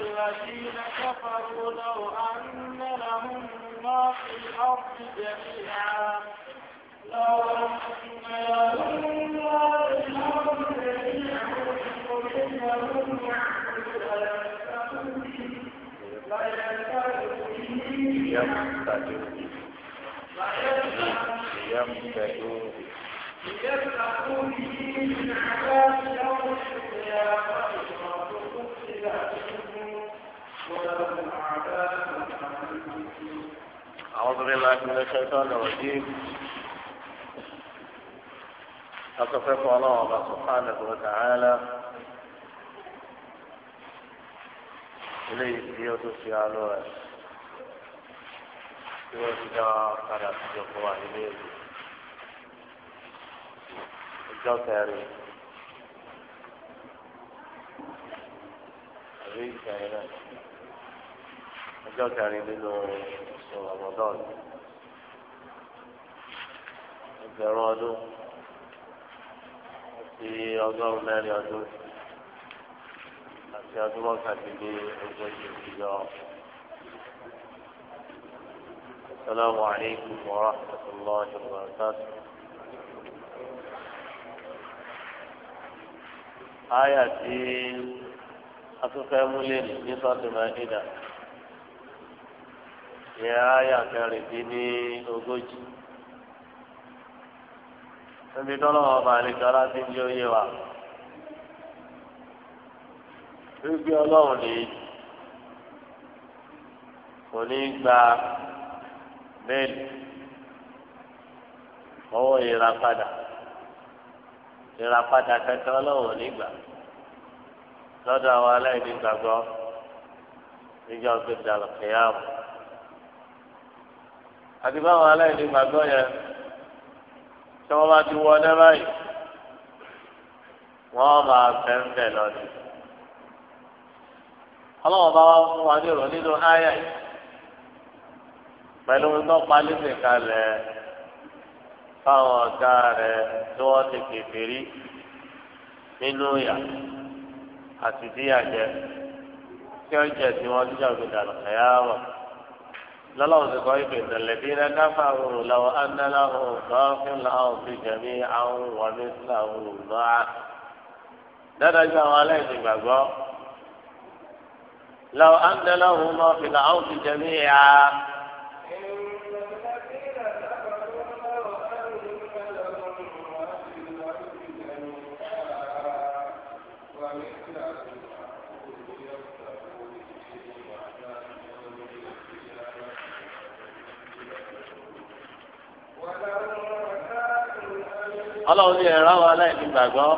الذين كفروا لو أن لهم ما في الأرض جميعا لو أن لهم ما في الأرض جميعا فإنهم يقتدون يقتدون يقتدون به من عذاب يوم القيامة وقد أعوذ بالله من الشيطان الرجيم أتصف الله سبحانه وتعالى إليه يوسف يعلوه يوسف قال يوسف إليه الجوكري أبي كائنات ọjọ́ kẹrin nínú Ramadan ẹgbẹ̀rún ọdún àti ọgọ́rùn-ún mẹ́rin ọdún àti ọdún mọ́kàndínlé ogójì ìjọ. السلام عليكم ورحمة الله وبركاته آية أتفهم لي نصف مائدة ní àyà kẹrìndínlẹ́ ogójì. níbi tọ́lọ́wọ́ ọba àlejòra ti ń yé oyé wa. gbígbé ọlọ́run lè kò ní gba bẹ́ẹ̀lì ọwọ́ ìràpadà ìràpadà kankan ọlọ́run nígbà lọ́dọ̀ àwọn aláìní gbàgbọ́ níjọ́ gbẹ̀dàlọ́kẹ́yàmù àti báwọn aláìní gbàgbọ́ yẹn tí wọ́n bá ti wọ ọdẹ báyìí wọ́n máa fẹ́ǹfẹ́ lọ ni. ọlọ́wọ́n bá wá fún wa nírò nínú áyà yìí pẹ̀lú nọ́pa lẹ́sìn kalẹ̀ fáwọn ọ̀gá rẹ̀ tí wọ́n ti kékeré nínú ìyà àti díyàjẹ tí ó jẹ tí wọ́n ti jàgbé dànù ẹ̀yà wọ̀ lọ́lọ́run ti kọ́ ìpè tẹ̀lẹ́bí rẹ̀ káfà òru lọ́wọ́ ánáláwọ̀ ọ̀gáfín làwọn fi jẹ̀mí àwọn wọlé síláwọ̀ lọ́wọ́. dáadáa ju àwọn aláìsí gbàgbọ́ lọ́wọ́ ánáláwọ̀ ọ̀gáfín làwọn fi jẹ̀mí àwọn. ọlọ́run ní ẹ̀rọ àwọn aláìní gbàgbọ́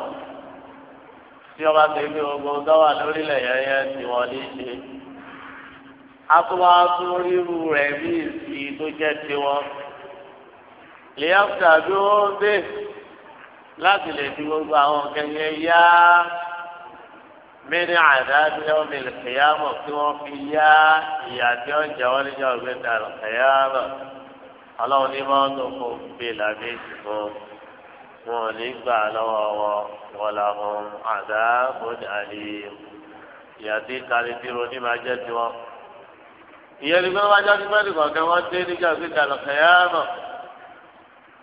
tí ọba tó ní ogun dọ́wà lórílẹ̀ yẹn tí wọ́n ní ṣe. atúwàtú ríru rẹ̀ bí ìsì tó jẹ́ tiwọn. lèyàpùtà bí ó ń dé láti lè fi gbogbo àwọn kẹyẹ yá mẹ́rin àdáàbí lẹ́wọ̀n mi lè kí wọ́n fi yá ìyá tí ó ń jẹ́ wọ́n níjọ́ ọ̀gbẹ́ta lọ kẹ̀yà mọ̀ ọlọ́run ní mọ́tò fún bíi làbí ìsìnkú. wọn ò ní gbà lọ́wọ́ wọn wọn làwọn àdá bóni àlè ìyá tí kárí tí ní máa jẹ́ tiwọn. ìyẹn ni wọ́n wájú ní mẹ́rin wọ́n dé níjà sí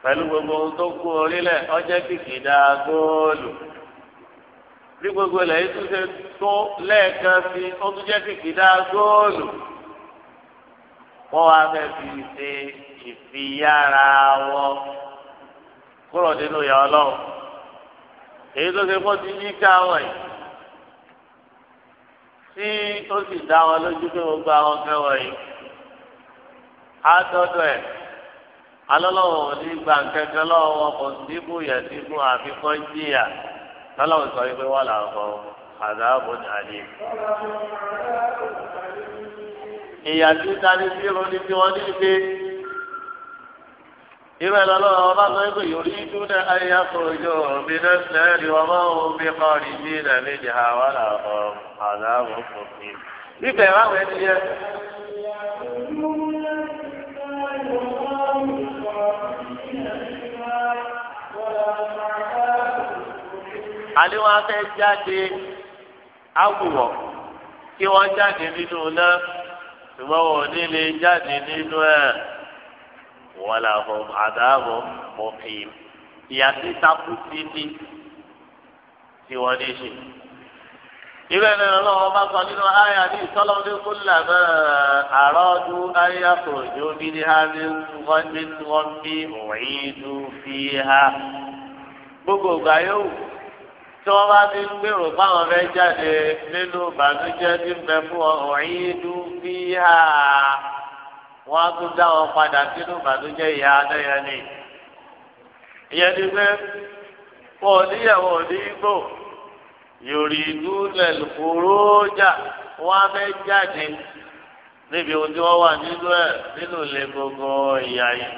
pẹ̀lú gbogbo ohun tó kú orílẹ̀ ọjọ́ góòlù gbogbo ilẹ̀ yìí tún ṣe tó lẹ́ẹ̀kan sí góòlù wọ́n wá fẹ́ kúrò nínú ìyá ọlọ́run èyí tó ṣe kó ti yí ká wọn yìí tí ó sì dá wọn lójú pé gbogbo àwọn kẹwọn yìí á dọ́dọ̀ ẹ̀ alọ́lọ́wọ́ ò ní gba nkẹ́kẹ́ lọ́wọ́ wọn kò sí bú yẹn sí fún àfikún jìyà lọ́lọ́wọ́ sọ wípé wọ́n là ń kọ́ àdáàbò nàlè. ìyàtí tani sí ronú tí wọ́n ní pé. irú ẹ lọ́lọ́ ọba sọ pé yorí dúdẹ ayé àkójọ mi náà sílẹ̀ ni wọ́n máa ń bí kọ́ọ̀rì ní ìdàmé ní àwa làwọn àdáwọ̀ òfin. ibẹ̀ ráwọ̀ ẹni yẹ. àníwọ̀n afẹ́ jáde kí wọ́n jáde nínú náà ṣùgbọ́n wọn ò ní lè jáde nínú ẹ̀. wọ́lá ọ̀hún àdáàbò mọ̀kìm ìyàtí takù títí tí wọ́n ní ṣe. ìbẹ̀ ni ọlọ́wọ́ bá sọ nínú àyà ní ìsọlọ́dún kúlà náà àrọ́dú àyà kòjó bí ní ha ní wọ́n ní wọ́n bí wọ́nyídú fi ha. gbogbo ìgbà yóò tí wọ́n bá ti ń gbèrò fáwọn fẹ́ jáde nínú ìbànújẹ́ tí ń bẹ fún ọ̀nyídú fi ha wọn á tún dá wọn padà sínú ìbànújẹ́ ìyá adéyẹ ni ìyẹn ni pé wọn ò níyàwó ò ní gbò yorì dúlẹ̀ lùkúrójà wọn á fẹ́ jáde níbi ohun tí wọ́n wà nínú ẹ̀ nínú ilé gbogbo ìyá yìí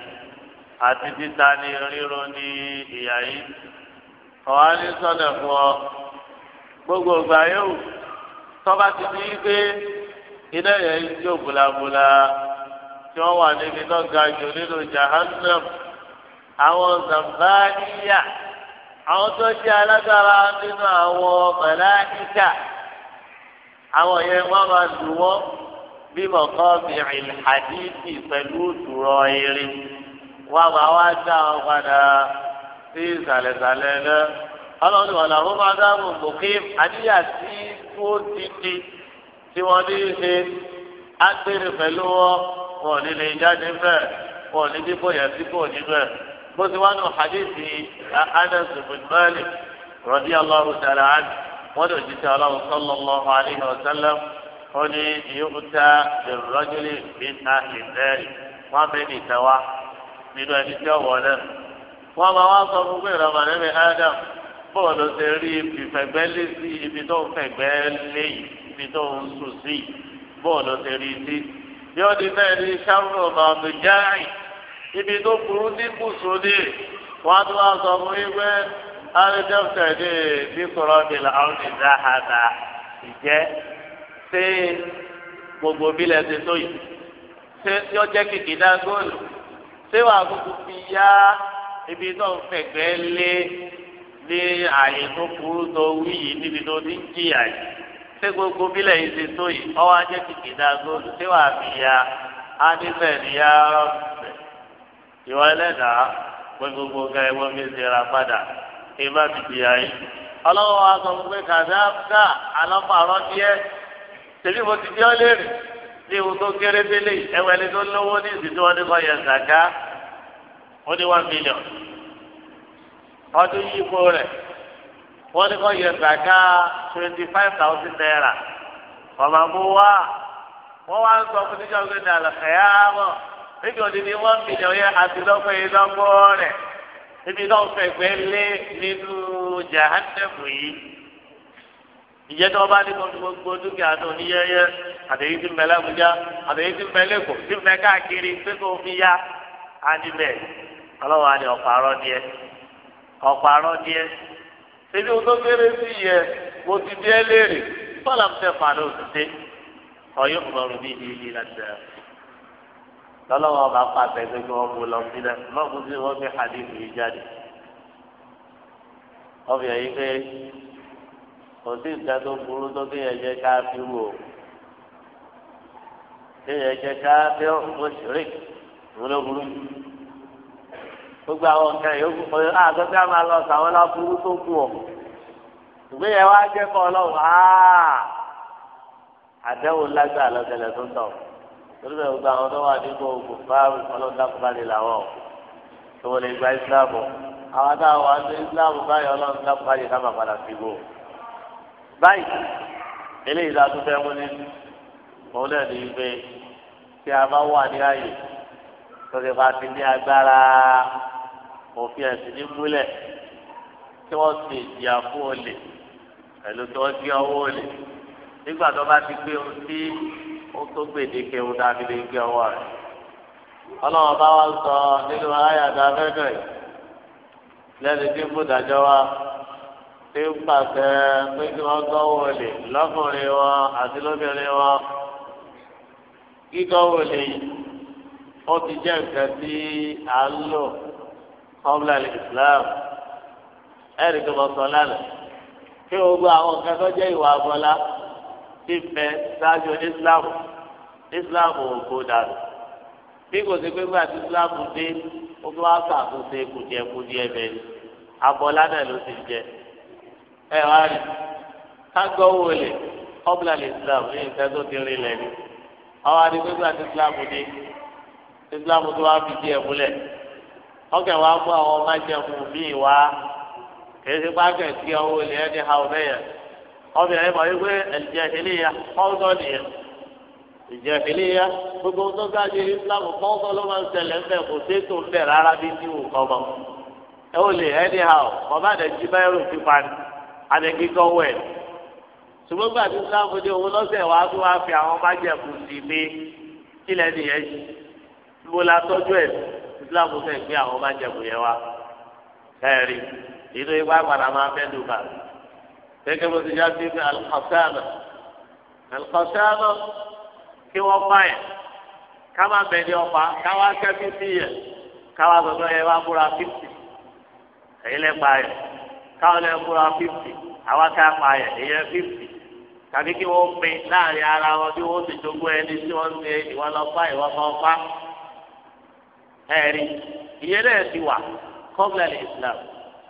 àti títa ní ríro ní ìyá yìí ọ̀hán ní sọ̀dọ̀ fún ọ gbogbo ìgbà yóò tọ́ba ti ní pé iná yẹn ń jó bùlàbùlà tí wọ́n wà níbi náà ga jù nínú jahannam àwọn zambaniya àwọn tó ṣe alágbára nínú àwọn màláíkà àwọn yẹn wọ́n máa lù wọ́n bí mọ̀kànmí ìlhàdíìsì pẹ̀lú ìdúró irin wọ́n máa wá dá wọn padà sí ìsàlẹ̀sàlẹ̀ náà ọlọ́run wà láwọn máa dáàbò gbòkè àníyà tí tó ti di tí wọ́n ní í ṣe á gbére pẹ̀lú wọn wọn ò ní lè jáde bẹ́ẹ̀ wọn ò ní dípò yẹn sípò nínú ẹ̀ bó ti wá nù hadithi Anas bin Malik radiyallahu ta'ala anhu wọn lè jí sàlọ sallallahu alayhi wa sallam wọn ní yóòkúta ìrọjìlì bin ahìlẹ́rì wọn bẹ ní ìtawá nínú ẹni tí ó wọlé wọn máa wá sọ fún pé ìrọ̀mọ̀lẹ́ mi Adam bọ́ọ̀lù ṣe rí ìfẹ̀gbẹ́lé sí ibi tó ń fẹ̀gbẹ́ lé ibi tó ń sùn sí bọ́ọ̀lù ṣe rí sí yóò di bẹ́ẹ̀ ní sáfù bàbá jáì ibi tó burú ní bùsùn ní wọn tó wá sọ fún yín pé alẹ́dẹ́fẹ̀ ní bí kọ́rọ́ mi là ń ní dáhàdà ìjẹ́ ṣé gbogbo bílẹ̀ ti tó yìí ṣé yóò jẹ́ kìkì dá góòlù ṣé wàá gbogbo fi yá ibi tó ń fẹ̀gbẹ́ lé ní àyè tó burú tó wí yìí níbi tó ti jìyà yìí ṣé gbogbo bílẹ̀ yìí ṣe tó yìí ọwọ́ ajé kìkì náà góòlù ṣé wàá fi ya á níbẹ̀ níyà rọ̀bẹ̀ ìwọ ẹlẹ́dàá pé gbogbo ga ẹwọ́n mi ṣe ra padà kí n bá fi di ayé ọlọ́wọ́ wa sọ fún pé kàdáfà alọ́pàá díẹ̀ tèmi mo ti bí ọ ní ewu tó kéré délé ẹwẹ́ ni tó lówó ní ìsìn tí wọ́n ní kọ́ yẹ zàká ó ní one million ọdún yìí kó rẹ̀. wọ́n ní kọ́ yẹ gbàgá twenty five thousand naira ọmọ mú wọ́n wá ń sọ fún níjọ́ pé ní àlàkàyà níbi ni wọ́n mílíọ̀n yẹn àti rẹ̀ níbi náà lé nínú jahannemu yìí bá ní gbogbo dúkìá tó ní ti ń bẹ lẹ́kùnjá àtẹ̀yí ti ń bẹ lẹ́kọ̀ọ́ ti ń bẹ káàkiri pé kò fi ya á ní bẹ́ẹ̀ ọlọ́wọ́ á ní ọ̀pọ̀ àrọ́ díẹ̀ ọ̀pọ̀ àrọ́ ṣèbí ohun tó kéré sí yẹ mo ti bí ẹ léèrè bọ́lá mi tẹ́ fàánù òṣìṣẹ́ ọyọ́ ìmọ̀ràn mi ní ilé láti lọ́lọ́wọ́ bá pàṣẹ pé kí wọ́n mú lọ sílẹ̀ lọ́kùn sí wọ́n fi hadith yìí jáde ọbẹ̀ yìí pé kò sí ìgbà tó burú tó kéèyàn jẹ́ káfíru o kéèyàn jẹ́ káfíru o ṣeré ìwúlò burú gbogbo àwọn nǹkan yòókù pé àgbẹ̀ká máa lọ sàwọn láburú tó kù ọ̀ ṣùgbọ́n yẹn wá jẹ́ kọ́ ọlọ́run áá àdéhùn lágbà lọ́sẹ̀lẹ̀ tó tọ̀ torí bẹ́ẹ̀ gbogbo àwọn tó wà nípò ògùn fáwọn ọlọ́dàkùnbalẹ̀ làwọn tó wọlé gba ìsìláàmù àwọn táwọn wà ní ìsìláàmù báyìí ọlọ́dàkùnbalẹ̀ ká máa padà fi gbò. báyìí eléyìí la tún fẹ́ mú ní òun náà ní ife tí a bá wà ní ààyè tó bá ti ní agbára òfin ẹ̀sìn ní múlẹ̀ tí wọ́n ti ìjìyà olè pẹ̀lú tó ń gbé ọwọ́ rẹ̀ nígbà tó bá ti gbé ohun tí ó tó gbèdéke ohun tá a fi lè gbé ọwọ́ rẹ̀. ọlọ́run bá wá sọ nínú ayàtà fẹ́fẹ́ lẹ́nu tí ń bò dájọ́ wa tí ń pàṣẹ pé kí wọ́n gbọ́wọ́ lè lọ́kùnrin wọn àti lóbìnrin wọn. gígọ́wọ́ lè ó ti jẹ́ nǹkan tí à ń lò kọ́ńlá ìsìláàmù ẹ̀rí lánàá kí gbogbo àwọn nǹkan tó jẹ́ ìwà àbọ̀lá ti fẹ́ ṣáájú islam islam ò kó dànù bí kò sí pé gbàtí islam dé ó tó wá ṣàtúnṣe kùdìẹ̀kùdìẹ̀ bẹ́ẹ̀ àbọ̀lá náà ló ti jẹ ẹ wá rí kágọ́wò lè ọ̀bùlà lè islam ní nǹkan tó ti rí lẹ́nu àwọn àdìgbò gbàtí islam dé islam tó wá fi díẹ̀ múlẹ̀ ọkẹ́ wa mú àwọn májẹ̀mú míì wá kìí ṣe pàṣẹ sí ọwọ́ ilé ẹni ha ọ bẹ́yẹ obìnrin mọ̀ wípé ìjẹ̀hìlìyà fọ́ńtọ́ nìyẹn ìjẹ̀hìlìyà gbogbo tó gbájú islam fọ́ńtọ́ ló máa ń ṣẹlẹ̀ ń bẹ̀ kò sí tó ń bẹ̀ rárá bí tí wù kọ́mọ ẹ ò lè ẹni ha ọ bàbá rẹ jí báyìí rò fífa ni àdègí kọ́ wẹ̀ ṣùgbọ́n gbà tí islam dé òun lọ́sẹ̀ wá tó wá fi àwọn májẹ̀kù sí pé kílẹ̀ nìyẹn gbọ́lá èyí tó yẹ kó àgbàdo máa fẹ́ dùn kà gẹ́gẹ́ bó ti já sí pé alikọsáàmà alikọsáàmà kí wọ́n bá yẹn ká máa bẹ̀ ní ọ̀pá káwá kẹ́ fífi yẹn káwá gbọ́dọ̀ yẹn wá múra fífi èyí lẹ́ pa yẹn káwọn lẹ́ múra fífi àwa ká pa yẹn èyí lẹ́ fífi tàbí kí wọ́n pin láàrin ara wọn bí wọ́n ti jogún ẹni tí wọ́n ṣe ìwọ lọ pa ìwọ kan pa ẹ̀rí ìyẹn náà ti wà kọ́ńtà Islam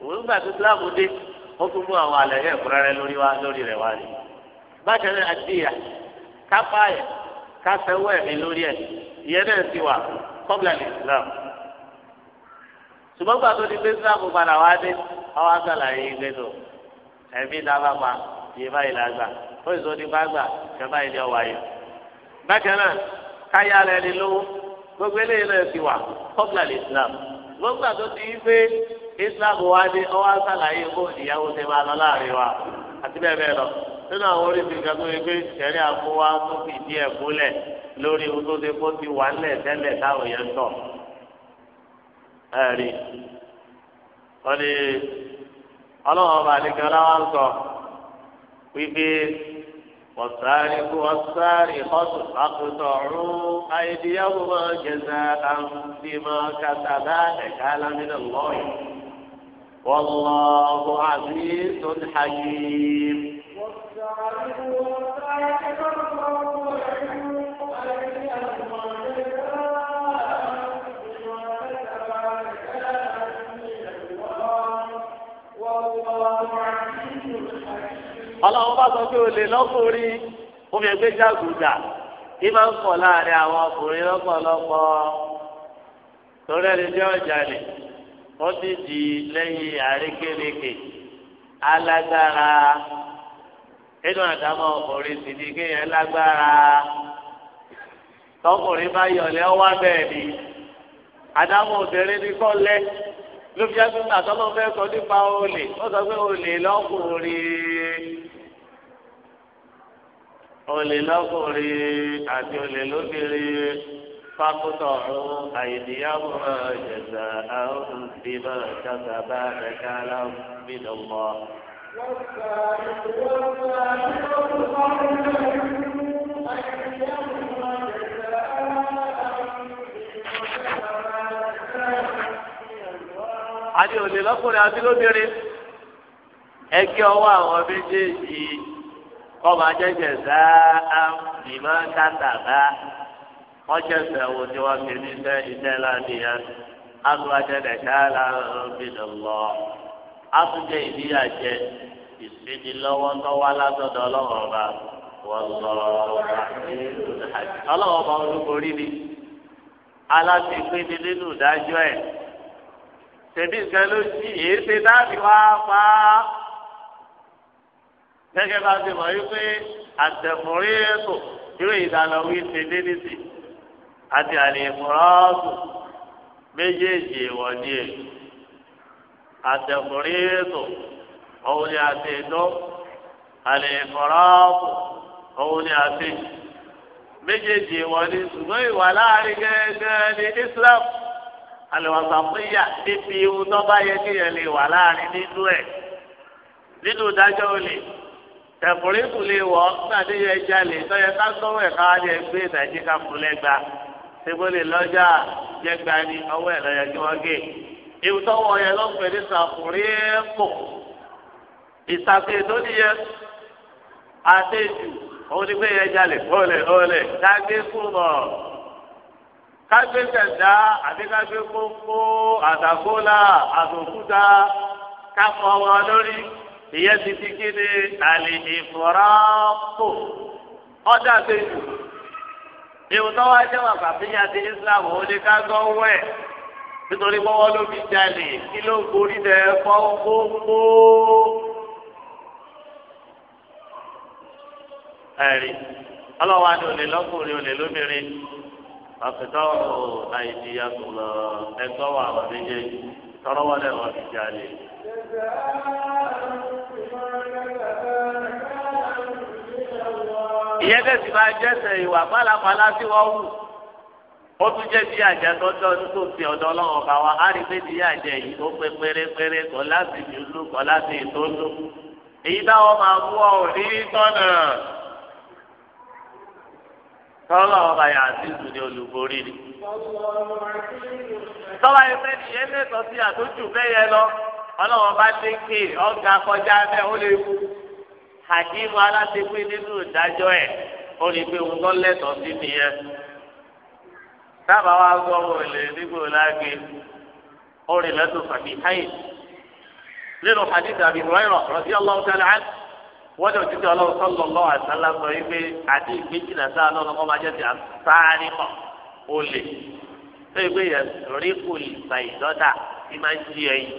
òun gbà tó síláàmù dé ó tún mú àwọn àlẹ́ yẹn kúrẹ́rẹ́ lórí wa lórí rẹ̀ wá ni. bákan náà àdìyà kápá ẹ̀ kásẹ̀wọ́ ẹ̀mí lórí ẹ̀ ìyẹn náà ti wà kọ́bílà ní islam. ṣùgbọ́n gbà tó di pé síláàmù padà wá dé àwọn àgbàláyé ilé tó ẹ̀mí dábàá pa yé báyìí lágbà ó sì tó di bá gbà kẹ báyìí ní ọwà yìí. bákan náà káyà rẹ̀ ni lówó gbogbo eléyìí náà ti wà kọ́bílà ní islam. ṣùgbọ́n gbà tó pé islam wa dé ọwọ́ àṣàlàyé bó ìyàwó ṣe máa lọ láàrin wa àti bẹ́ẹ̀ bẹ́ẹ̀ lọ nínú àwọn oríṣi nǹkan tó yẹ pé tó fi lórí ohun tó ṣe kó ti wà ńlẹ̀ tẹ́lẹ̀ táwọn yẹn tọ̀ ẹ̀rí wọ́n ní ọlọ́wọ́n ọba àdìgbà láwa ń sọ wípé wọ́sàárì kú wọ́sàárì kọ́tù àkùtọ̀ ọ̀run àìdíyàwó máa jẹ́ والله عزيز حكيم ọlọ́run bá sọ pé o lè lọ́kùnrin omi ẹgbẹ́ jágùjà kí máa ń pọ̀ láàrin àwọn ọkùnrin lọ́pọ̀lọpọ̀ torí ẹni jẹ́ ọ̀jà wọ́n di lẹ́yìn àrékérekè alágbára nínú àdámọ́ ọkùnrin sì ni kéèyàn lágbára tọkùnrin bá yọlẹ́ ọwá bẹ́ẹ̀ ni àdámọ́ obìnrin ni kọ́ lẹ́ ló fi ẹgbẹ́ nígbà tó ló fẹ́ sọ nípa olè ó sọ pé olè lọ́kùnrin olè lọ́kùnrin àti olè lóbìnrin. فاقطعوا أيديهم جزاء بما كسبا نكالا من الله والسارق والسارق فاقطعوا أيديهما àti òlè lọ́kùnrin àti lóbìnrin ẹgbẹ́ ọwọ́ àwọn méjèèjì kọ́ máa jẹ́jẹ́ sáà bìmọ̀ kátàbá wọ́n ṣẹ̀ṣẹ̀ wo tí wọ́n fi níṣẹ́ iṣẹ́ láti yẹn agbájẹ́dẹ̀ ṣáàlà ọ̀bìnrin lọ. Àtúnjẹ ìdíyàjẹ ìsinilọ́wọ́ tó wá látọ̀dọ̀ ọlọ́run ọba wọ́n lọ ọlọ́run ọba olúborí ni alásìpín ni nínú ìdájọ́ ẹ̀ tẹ̀bí nǹkan ló sí èyí wá pa á gẹ́gẹ́ bá ti mọ̀ wípé ẹ̀kọ́ ṣe dé nísìnyí. àti àlèmúrọ́ọ̀bù méjèèjì ìwọ̀ ni èlò àtẹ̀kùnrin ètò òun ni àti ètò àlèmúrọ́ọ̀bù òun ni àti méjèèjì ìwọ̀ ni ṣùgbọ́n ìwà láàrin gẹ́gẹ́ ní Islam àlèwàsàpéyà níbi ihun tó bá yẹ kéèyàn lè wà láàrin nínú ẹ̀ nínú ìdájọ́ olè tẹ̀kùnrin kù lè wọ̀ nígbà tí yẹ jalè tọ́yẹ ká sọ́wọ́ ẹ̀ káwá ní ẹgbẹ́ ìdájí ká fún lẹ́gbàá sebole lọ́jà jẹgba ni ọwọ́ ẹ lọyẹ kí wọn gé ìwúsọwọ yẹn ló ń pè ní sàkúrẹ́ pò ìsàkè tó níyẹ àtẹjù òun ni pé yẹn jalè olè olè dágbé kúrò kágbé sẹ̀dá àti kágbé kókó àtàkólà àtòkúta káfọ́ wọn lórí ìyẹn ti fi àlè ìfọ̀rọ̀ pò ọ̀dà àtẹjù ìwọ̀n tó wá jẹ́ wà fàbíyà ti Islam ó lè ká gán wẹ̀ nítorí bọ́wọ́ ló fi jalè kí ló ń gorí lẹ̀ fọ́nfọ́nfọ́. ẹ̀rí ọlọ́wà ni olè lọ́kùnrin olè lóbìnrin àfẹ́tọ́ àìdíyà tó lọ ẹgbọ́ wà wà méjèèjì tọ́rọ́wọ́lẹ̀ wọ́n fi jalè. ìyẹn tẹ̀sí máa jẹ́sẹ̀ ìwà pálapàla tí wọ́n wù ó tún jẹ́ bí àjẹ tọ́jú tó fi ọ̀dọ́ ọlọ́run ọba wa á rí pé bí àjẹ yìí ó pé pérépéré láti ìlú kọ láti ọ ní ọba yà sí ìlú ní olùborí ni. tọ́lá sí àtúntò lọ ọlọ́run bá dé ọ̀gá kọjá bẹ́ẹ̀ ó lè kú. hakimu aláṣepé nínú ìdájọ́ ẹ̀ ó rí i pé òun lọ lẹ́tọ̀ọ́ sí nìyẹn dábàá wa gbọ́ wọn lè nígbò láàgbé ó rí lẹ́tọ̀ fàbí hayi nínú hadith àbí rọ́ìrọ̀ rọ́sí ọlọ́run tẹ́lẹ̀ á wọ́n dẹ̀ títí ọlọ́run sọ́lọ́ lọ́wọ́ àṣálá sọ wípé àti ìgbésí náà sáà lọ́nà kọ́ máa ti àṣáárí kọ̀ ó lè tó ìgbé yẹn rí kò lè gba ìdọ́ta tí máa ń jí ẹyin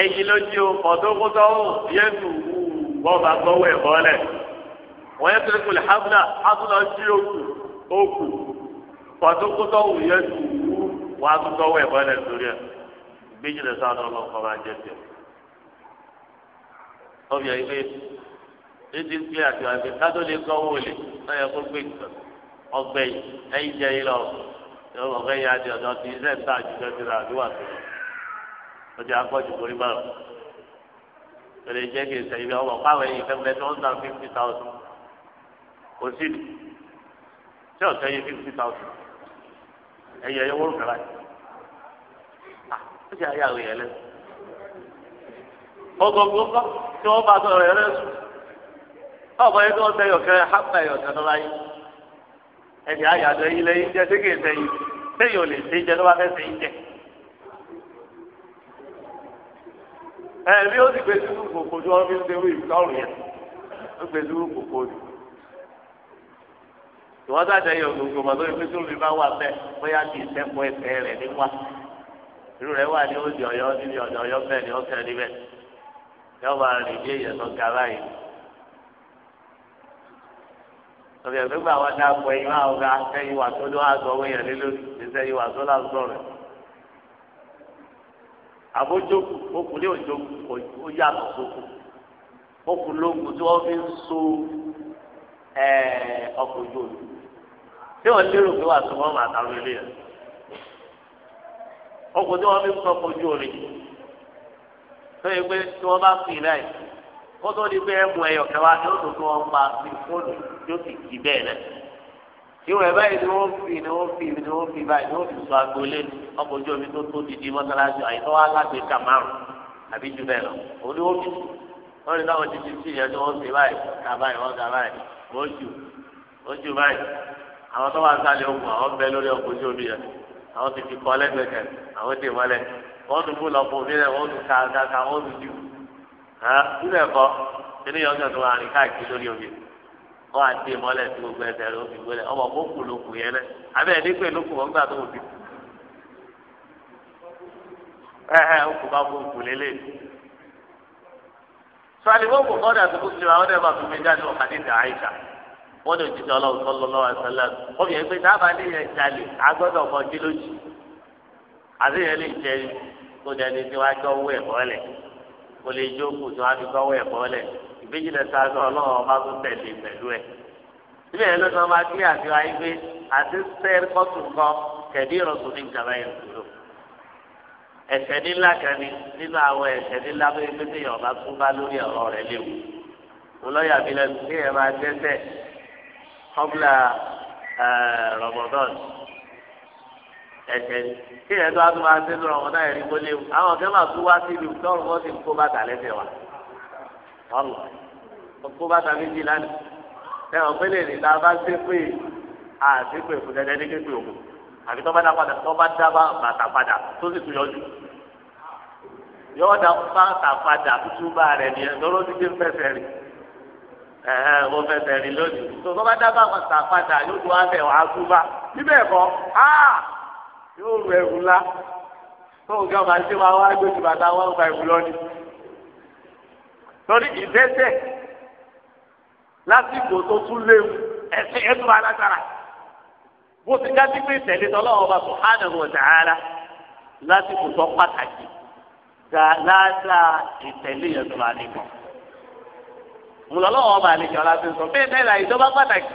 ẹyin ló jí o ọ̀dọ́gbọ́dọ́ yẹn tù wú bọ́ọ̀bà gbọ́wọ́ ẹ̀ bọ́ọ̀lẹ̀ wọ́n yẹ kẹ́kẹ́ kọ́lẹ̀ hábùlà hábùlà jí òkú òkú pàtókótó wù yẹ tù wú wọ́n á tún gbọ́wọ́ ẹ̀ bọ́ọ̀lẹ̀ sórí ẹ̀ gbéjì lọ sáà lọ́wọ́ kọ́ máa jẹ tiẹ̀. ọbẹ̀ ń àti lè kó gbé ọgbẹ́ ẹ̀yìn jẹ́ yìí lọ ọgbẹ́ lè jẹ́ kí ìsẹ̀ ibi ọmọ fáwọn ẹ̀yìn fẹ́ bẹ́ẹ̀ tó ń ta fifty kò sí ni tí ọ̀sẹ̀ yẹ fifty thousand ẹ̀yẹ ẹ̀yẹ wọ́n kàrà yìí ó sì ayé àwọn èèyàn lẹ́nu ọgọgọ kọ tí wọ́n bá sọ̀rọ̀ ẹ̀rẹ́ sùn ọ̀bọ̀ yẹn tí wọ́n sẹ́yọ̀ kẹrẹ hápẹ́ ẹ̀yọ̀ kẹrẹ láyé ẹ̀yẹ ayàtọ̀ ẹ̀yìn lẹ́yìn jẹ́ sí kì í sẹ́yìn ẹ bí ó sì gbé sínú gbogbo tí wọ́n fi ń serú ìlú lọ́rùn yẹn ó gbé sínú gbogbo ni. ìwọ́n sàtẹ yọ gbogbo mọ̀ lórí pípé omi bá wà bẹ́ẹ̀ bóyá kì í sẹ́kọ̀ọ́ ẹ̀fẹ́ rẹ̀ ní wà. irú rẹ̀ wà ní òdì ọ̀yọ́ níbi ọ̀dọ̀ ọ̀yọ́ bẹ́ẹ̀ ni ó kẹ́ níbẹ̀. yọ máa rìn bí èèyàn tó ga báyìí. ọ̀bẹ̀ gbígbà wọn dáa pọ̀ ìwà ọ̀gá sẹ́yìn wà àbójókù okùnlé òjòkù ó yàtọ̀ sókù okùn lóògùn tí wọ́n fi ń so ọkọ ojú tí wọ́n lérò pé wàá lórí tí wọ́n fi ń so ọkọ̀ ojú tó yẹ pé tí wọ́n bá fi náà kó tó di pé ẹ̀mú ẹ̀yọ̀kẹ́ wa ni ó tó tó irun ẹ̀ báyìí ni wọ́n fi ni wọ́n fi ni wọ́n fi báyìí ni wọ́n fi sọ agbolé ọkọ̀ ojú omi tó tó didi mọ́sálásí àyíká wa láti kà márùn àbí jù bẹ́ẹ̀ lọ òun ni wọ́n fi wọ́n ní láwọn títí sí ìyẹn tí wọ́n fi báyìí ká báyìí wọ́n ká báyìí wọ́n jù wọ́n jù báyìí àwọn tó wà sálẹ̀ ogun àwọn bẹ lórí ọkọ̀ ojú omi yẹn àwọn ti fi kọ́ lẹ́gbẹ̀kẹ̀ àwọn ti mọ́lẹ̀ wọ́n tún fún lọ́pọ̀ omi rẹ̀ wọ́n tún ká ká ká wọ́n tún jù ọ àti ìmọ̀lẹ̀ tí gbogbo ẹsẹ̀ rẹ̀ ó fi gbélé ọmọ kó kù ló kù yẹn lẹ abẹ́ ẹ̀ nígbè ló kù wọ́n gbà tó o fi kù ẹ̀hẹ̀ ó kù bá kó kù lélẹ̀ sọ́ọ́lìwọ́ kò kọ́ dàtí kó sinmi àwọn ọ̀dẹ́ bá fi mi jáde ọ̀kà ní ìdá àyíká wọ́n ní òjijì ọlọ́run tó lọ́wọ́ àṣálẹ́ ọ̀bì yẹn pé méjìlá sáájú ọlọ́run ọba tó tẹ̀lé pẹ̀lú ẹ̀. síbẹ̀ yẹn ló sọ ma kí àti wáyé pé àti sẹ́ẹ̀rì kọ́tù kan kẹ̀dí ìrọ̀tún ní ìjàmbá yẹn kúrò. ẹ̀ṣẹ̀ nílá kan ni nínú àwọn ẹ̀ṣẹ̀ nílá tó yẹ pé téèyàn ọba tún bá lórí ọ̀rọ̀ rẹ̀ léwu. mo lọ́ọ́ yàgbé lẹ́nu pé ẹ̀ máa dẹ́sẹ̀ kọ́bùlà rọ̀mọ̀dọ́n kí ẹ̀ tó a tó máa dé lọ́rọ̀ wọn náà kó léwu àwọn kẹ́ máa tún wá síbi tọ́rùn wọn sì kó bàtà lẹ́sẹ̀ wa ọlọ gbogbo bàtà méjì lánàá ẹ ọ pélé ní ta bá ṣe pé àti pé kò dẹdẹ ní kékeré òkú àbí tó bá dá padà tó bá dá bàtà padà tó sì tún yọjú yọ dá bàtà padà tútù bá rẹ ní ẹ lọ́rọ́ ti dé fẹsẹ̀ rìn ẹ̀hẹ́ mo fẹsẹ̀ rìn lónìí tó tó bá dá bàtà padà yóò tún wá bẹ̀ bá níbẹ̀ kọ́ yóò rù ẹ̀rù tó ń gbà máa ṣe wá wá gbèsè bàtà wọn gba ìwúlọ́ni torí ìdẹ́sẹ̀ lásìkò tó tún léwu ẹ̀sìn ẹ̀dùn alágbára bó ti dájú pé ìtẹ̀lé tọ́lọ́wọ́ bá subhanahu wa ta'ala lásìkò tó pàtàkì dáadáa ìtẹ̀lé yẹn tó bá nìkan. ńlọlọ́wọ́ bá nìkan láti sọ bẹ́ẹ̀ bẹ́ẹ̀ la ìjọba pàtàkì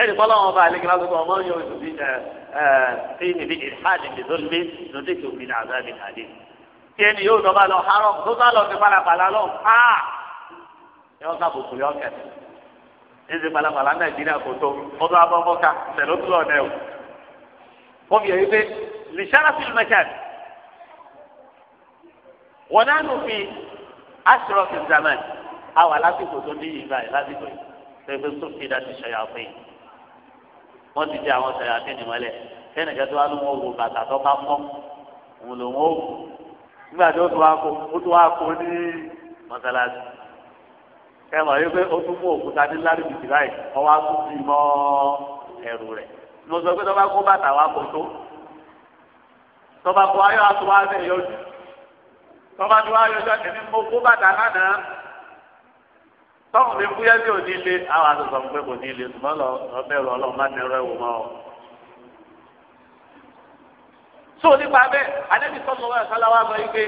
ẹ̀rì kọ́lọ́wọ́ bá nìkan láti sọ ọmọ yóò tún bí ẹ̀ ṣé ìdí ìhádìí tó lé lóde tó bí náà tí ẹni yóò lọ bá lọ harọ tó bá lọ sí palapala lọ ha yọ ká bùkún yọ kẹ ẹsẹ palapala nàìjíríà kò tó ọdún abọ́bọ́ká tẹ̀lé tó lọ dẹ́wò wọ́n fi ẹ̀yí pé lìṣára fílù mẹ́kàn wọ́n náà nù fi aṣọ fi zaman àwọn alásìkò tó ní ìgbà yìí lásìkò yìí pẹ̀lú tó fi dáṣì ṣọyà fún yìí wọ́n ti di àwọn ṣọyà fún ìmọ̀lẹ̀ kẹ́nìkẹ́ tó wà ló ń wo bàtà tó bá mọ́ òun lòun ó nígbà tí ó tún wá kó ó tún wá kó ní mọ́sálásí ẹ mọ̀ yí pé ó tún mú òkúta ní lárúbìtì báyìí ọwọ́ á tún fi mọ́ ẹrù rẹ̀ mo sọ pé tọ́ba kó bàtà wa kò tó tọ́ba kó ayọ́ àti wá bẹ̀ yọjú tọ́ba tó wá yọjú ẹ̀mí mo kó bàtà lánàá tọ́hùn mi kúyẹ́ bí ò ilé àwọn àtọ̀sọ̀ ń kò ní ilé ṣùgbọ́n lọ bẹ́ẹ̀ lọ ọlọ́run má ní ẹrọ ẹ̀wò mọ́ ọ. So nípa bẹ́ẹ̀ anábì sọ́nù wà sáláwà sọ wípé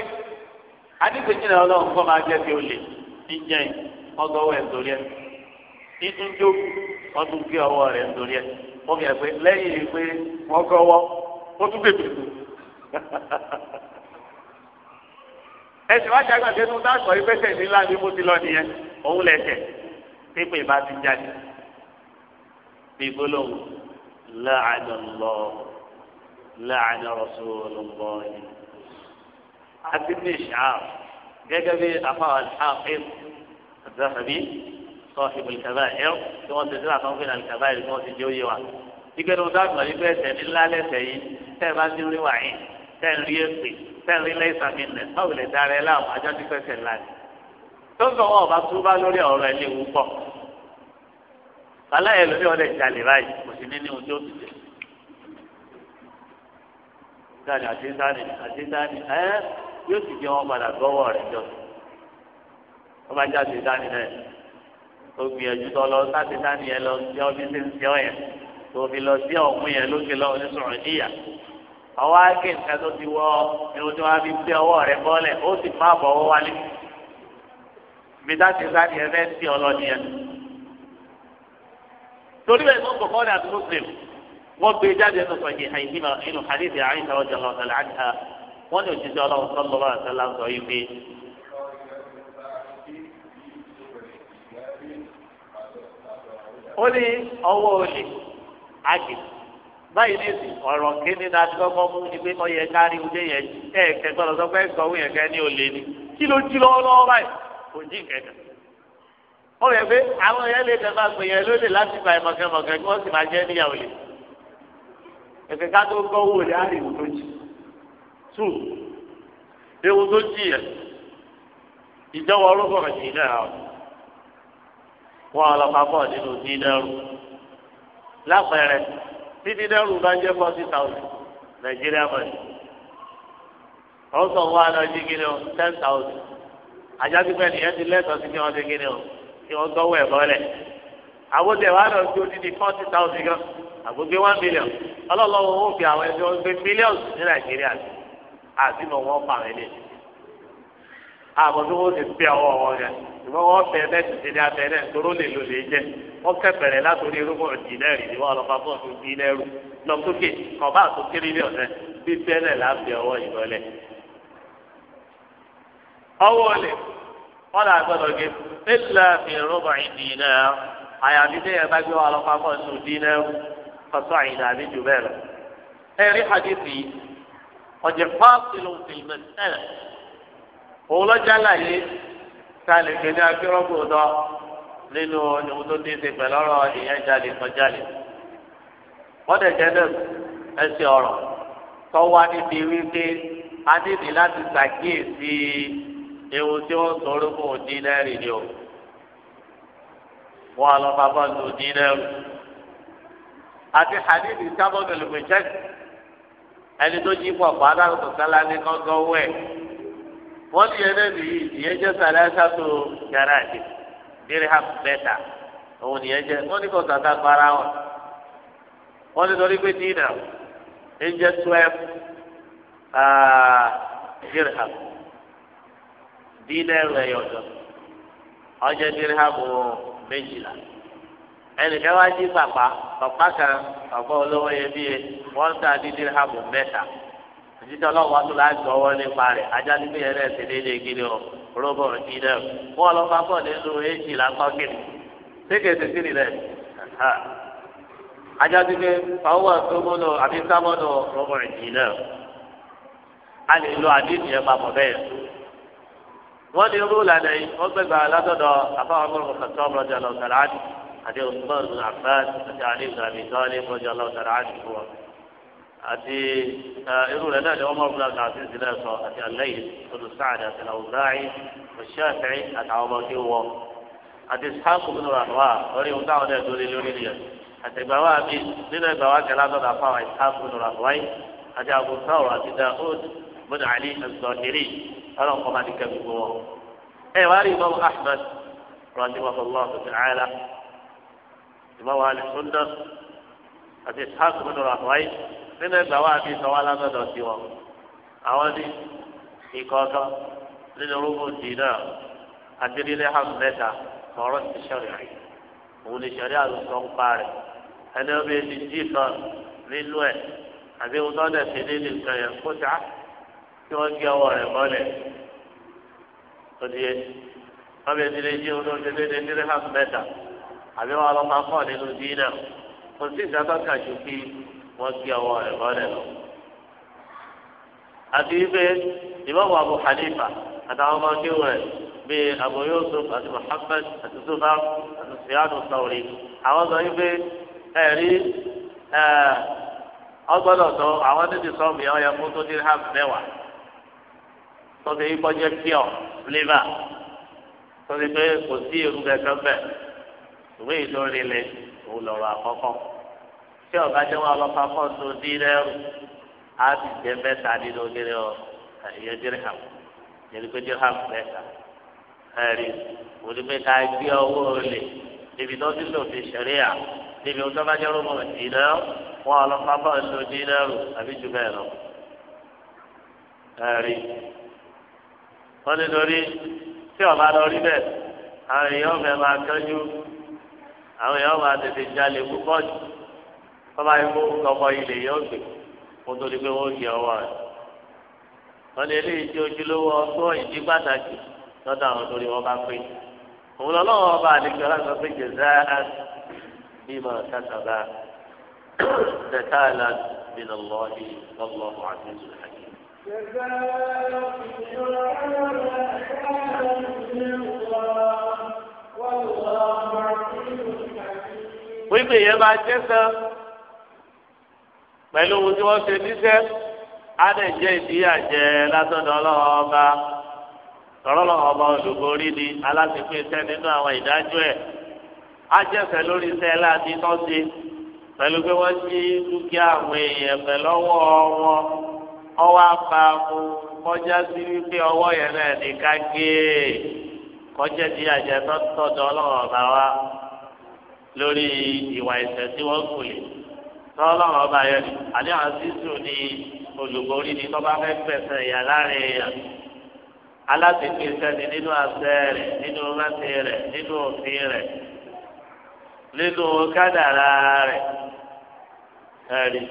anígbèjì náà ọlọ́run kọ́ máa jẹ́ kí o lè níjẹ́ ọgọ́wọ́ ẹ̀ torí ẹ̀ títún jó ọdún gbé ọwọ́ rẹ̀ torí ẹ̀ wọ́n fi ẹ̀pẹ́ lẹ́yìn pé wọ́n gọ́wọ́ ó tún bèbè kù. ẹsẹ̀ wá ṣàgbà pé tó dáàbọ̀ ìgbésẹ̀ nílá ni mo ti lọ nìyẹn òun lẹ̀sẹ̀ pépè bá ti jáde bí gbólóhùn láàánú lọ́ọ́ láàánú rọ̀ṣọ́ọ̀lù bọ́ọ̀lù. àti ní ìṣàf gẹ́gẹ́ bí afáwà ìṣàfẹ́ àtàkàbí sọ́ọ̀hìbù ìkàbá ẹ̀rọ tí wọ́n ti sílẹ̀ àtàwọn fún ìkàbá ẹ̀rọ tí wọ́n ti jẹ́ òye wa. ìgbẹ́ ló dáàbò àbí bẹ́ẹ̀ tẹ̀ ní lálẹ́sẹ̀ yìí tẹ́ ẹ bá ti rí wàyí tẹ́ ẹ rí èpè tẹ́ ẹ rí lẹ́sàmì nẹ̀ báwo lè dára ẹ láwọn ajá ti fẹsẹ̀ láti. tó ń sọ wọn ọba túbá lórí ọ̀rọ̀ ẹ̀ léwu pọ̀. aláyẹ̀ lórí ọ̀rẹ́ ìjàlè báyìí kò sí nínú ojú òtútù sáni àti sáni àti sáni ẹ yóò sì jẹ wọn padà gbọ́wọ́ rẹ̀ jọ wọn bá jáde sáni náà tó gbìyànjú tó lọ sáti sáni yẹn lọ sí ọbí sí ń sí ọ yẹn tó fi lọ sí ọ̀hún yẹn lókè lọ ní sọ̀rọ̀ níyà ọwọ́ ákè nǹkan tó ti wọ ẹni tó wá fi gbé ọwọ́ rẹ̀ bọ́lẹ̀ ó sì má bọ̀ ọwọ́ wálé bí sáti sáni yẹn fẹ́ sí ọlọ́ni yẹn torí bẹ́ẹ̀ tó ń kọ̀kọ́ ní àdúgbò sèwọ̀n wọ́n gbé jáde nínú sọ̀yìn àìsíma nínú hadith àìsà ọjà lọ́sọ̀lá àdìhà wọ́n ní òṣìṣẹ́ ọlọ́run sọ́lọ́ lọ́wọ́ àtàlà sọ yìí pé. ó ní ọwọ́ olè àgè báyìí ní ìsìn ọ̀rọ̀ kíní náà ti kọ́kọ́ mú ni pé ọyẹ kárí ojú yẹn ẹ kẹgbọ́n lọ sọ pé ẹ̀kọ́ òun yẹn kẹ́ ní olè ni kí ló jí lọ́wọ́ lọ́wọ́ báyìí kò jí kẹ̀kẹ́ ó yẹ pé àwọn yẹn lè tẹ́ máa gbìyànjú lóde láti gba ìmọ̀kẹ́mọ̀kẹ́ kí wọ́n sì máa jẹ́ níyàwó lè ẹ̀fẹ̀ ká tó gbọ́ owó rẹ̀ á rí ìwò tó jì tù ewu tó jì yẹ ìjọba orúkọ rẹ̀ jì náà wọn lọ papọ̀ nínú dídẹ́rù lápẹẹrẹ tí dídẹ́rù bá jẹ́ forty thousand nàìjíríà mọ̀ ọ̀sán wa lọ jí kí ni o ten thousand àjàgbé nìyẹn ti lẹ́tọ̀ọ́ sí kí wọ́n ti kí ni o kí wọ́n gbọ́wọ́ ẹ̀ bọ́lẹ̀ àbótẹ̀ wa lọ sí odidi forty thousand gan àgbègbè one million ọlọ́lọ́wọ́ ó fi àwọn ẹgbẹ́ ọgbẹ́ millions ní nàìjíríà àti mọ̀ wọ́n fà wẹ́lẹ̀ àbọ̀dún ó ti bí ọwọ́ wọn yẹn ìwọ́n wọ́n fẹ́ mẹ́tì sí ní abẹ́ náà toró lè lò lè jẹ́ wọ́n kẹfẹ̀rẹ̀ látòrí irúgbọ̀n ìdílẹ́rì ni wọ́n lọ fà fún ọdún ìdílẹ́rù lọ sókè kọ̀ọ̀bá tó kéré ní ọ̀sẹ̀ bí bẹ́ẹ̀ láti ọwọ́ ìrọ̀lẹ́ ọwọ́ lẹ̀ wọ́n là gbọ́dọ̀ gé nílẹ̀ fi rúbà ìdílẹ́rù àyàfi fasa ìlà àbí jù bẹ́ẹ̀ lọ. ẹ rí hadith yìí ọ̀jẹ̀ fásilù fìlmẹ̀ ẹ̀ òun lọ́jà láyé tá a lè gbé ní akérọ́gbò lọ nínú ohun tó dín sí pẹ̀lú ọ̀rọ̀ ìyẹn jalè kọjálè. wọ́n dẹ̀ jẹ́ náà ẹsẹ̀ ọ̀rọ̀ tó wá wípé a láti ṣàkíyèsí ewu tí wọ́n sọ̀rọ̀ fún òdínẹ́rì ni o. wọ́n á lọ bá bọ́ọ̀lù òdínẹ́rì àti hadithi sábọ̀dọ̀ lè pèsè ẹni tó jí pọ̀ padà kò sálá ní kọ́kọ́ wẹ̀. wọ́n ti yẹn lẹ́nu yìí ìyẹn jẹ́ sàlẹ̀ ṣàtò yàrá àti dirham mẹ́ta òun nìyẹn jẹ́ wọ́n ni kò sàtà para wọn. wọ́n ti sọrí pé dínà ń jẹ́ twelve ah, dirham dínà ẹ̀rọ ẹ̀yọ̀dọ̀ ọjọ́ dirham méjìlá. ẹnìkan wá jí pàpà pàpà kan pàpà olówó iyebíye wọn ta dídí hàmù mẹ́ta títí ọlọ́wọ́ tó láti gbọ́wọ́ nípa rẹ̀ ajá nígbè yẹn náà ti déédéé gidi o róbò ní náà wọn lọ bá bọ̀ nínú èjì lásán ajá nígbè àbí ní a lè lo àdéhùn yẹn papọ̀ bẹ́ẹ̀ wọ́n ní rúlà náà wọ́n gbẹ̀gbà látọ̀dọ̀ àbáwọn àti Uthman bin Affan àti Ali bin Abi Talib radiyallahu ta'ala anhu wọn àti irú rẹ̀ náà ni Umar bin Abdul Aziz náà sọ àti Al-Layth bin Sa'd àti Al-Awza'i Shafi'i àti àwọn ọmọ kí wọ́n àti Ishaq bin Rahwa lórí ohun táwọn náà dúró lórí nìyẹn àti ìgbàwá mi nínú ìgbàwá kẹlá tó dàpọ̀ àwọn Ishaq bin Rahwa àti Abu àti Dawud bin Ali az ọlọ́run kọ́ ní kẹ́ wọn. ẹ wá rí Imam ìmọ̀ wa lè sún náà àti sáàkù mẹ́tọ́ rà wáyé nínú ẹgbàá wa àti ìsọ̀wá lágbàdọ̀ sí wọn. àwọn ní ìkọ̀ọ̀kan nínú rúbù dìínà àti nílé hàn mẹ́ta sọ̀rọ̀ ti sẹ̀rẹ̀ rẹ̀ òun lè sẹ̀rẹ̀ àlùsọ̀ ń pa rẹ̀ ẹni ọbẹ̀ ti dì kan nínú ẹ̀ àbí ohun tó ń dẹ̀ nínú nǹkan yẹn kó kí wọ́n gé ọwọ́ rẹ̀ mọ́lẹ̀ ó di ọbẹ̀ ti lè jí ohun tó ń ṣe déédéé nílé mẹ́ta àbí wọn lọ máa pọ̀ nínú dínà kò sí ìdájọ́ kan ju kí wọ́n gbé ọwọ́ rẹ̀ bọ́lẹ̀ lọ. àti wípé ìmọ̀wọ̀ Abu Hanifa àtàwọn ọmọ kí wọ́n rẹ̀ bíi Abu Yusuf àti Muhammad àti sufa àti siyadu sawri àwọn sọ wípé ẹ̀rí ọgbọ́dọ̀ tó àwọn tètè sọ́ọ̀mù yẹn ọ̀yẹ́ fún tó dín hàm mẹ́wàá tọ́sí ikọ́ jẹ́ pure flavour tọ́sí pé kò sí èrú kẹ̀kẹ́ bẹ́ẹ̀ ṣùgbọ́n èyí lórí ilẹ̀ òun lọ́rọ̀ àkọ́kọ́ tí ọba jẹ́ wọn lọ́pàá pọ̀ tó dín lẹ́rù á sì jẹ́ mẹ́ta nínú onírẹ̀ ọ ìyẹn dirham yẹn pé dirham mẹ́ta ẹ̀rí onímẹ́ta gbé ọwọ́ olè níbi tó ti lòfin ṣẹ̀ríà níbi tó bá jẹ́ rúmọ̀ dín lẹ́rù wọn lọ́pàá pọ̀ tó dín lẹ́rù àbí jù bẹ́ẹ̀ lọ ẹ̀rí wọ́n ní lórí tí ọba lọ rí bẹ́ẹ̀ àwọn èèyàn fẹ́ máa tọ́jú. àwọn èèyàn máa tètè jalè púpọ̀ jù bàbá yìí fún ọmọ ilé yóò gbé wọn tó di pé wọn yẹ ọwọ́ rẹ̀ wọn lè lè ojúlówó ọgbọ́n ìdí pàtàkì lọ́dọ̀ àwọn tó lè bá pé òun lọ́wọ́ ọba àdìgbò láti pé jẹ̀zá àti wípé yẹn máa jẹ́ sàn pẹ̀lú ohun tí wọ́n ṣe níṣẹ́ á lè jẹ́ ìdíyà jẹ látọ̀dọ̀ ọlọ́wọ́ ọba tọ́lọ́lọ́ ọba olùborí ni aláṣepé iṣẹ́ nínú àwọn ìdájọ́ ẹ̀ á jẹ́sẹ̀ lórí iṣẹ́ láti tọ́sí pẹ̀lú pé wọ́n ṣí dúkìá àwọn èèyàn pẹ̀lọ́wọ́ wọn ọwọ́ apamu kọjá sí wípé ọwọ́ yẹn náà ní ká gé e. kọjá di àjẹtọ́ tọ́jọ́ ọlọ́wọ́ ọba wa lórí ìwà ẹ̀ṣẹ̀ tí wọ́n kù lè tọ́lọ́mọ ọba yẹn ni àní àzízù ni olùborí ni tọ́ba fẹ́ pẹ̀sẹ̀ ìyá láàrin èèyàn alásìkò ìsẹ́ni nínú àṣẹ rẹ̀ nínú rántí rẹ̀ nínú òfin rẹ̀ nínú kádàrá rẹ̀ ẹ̀rí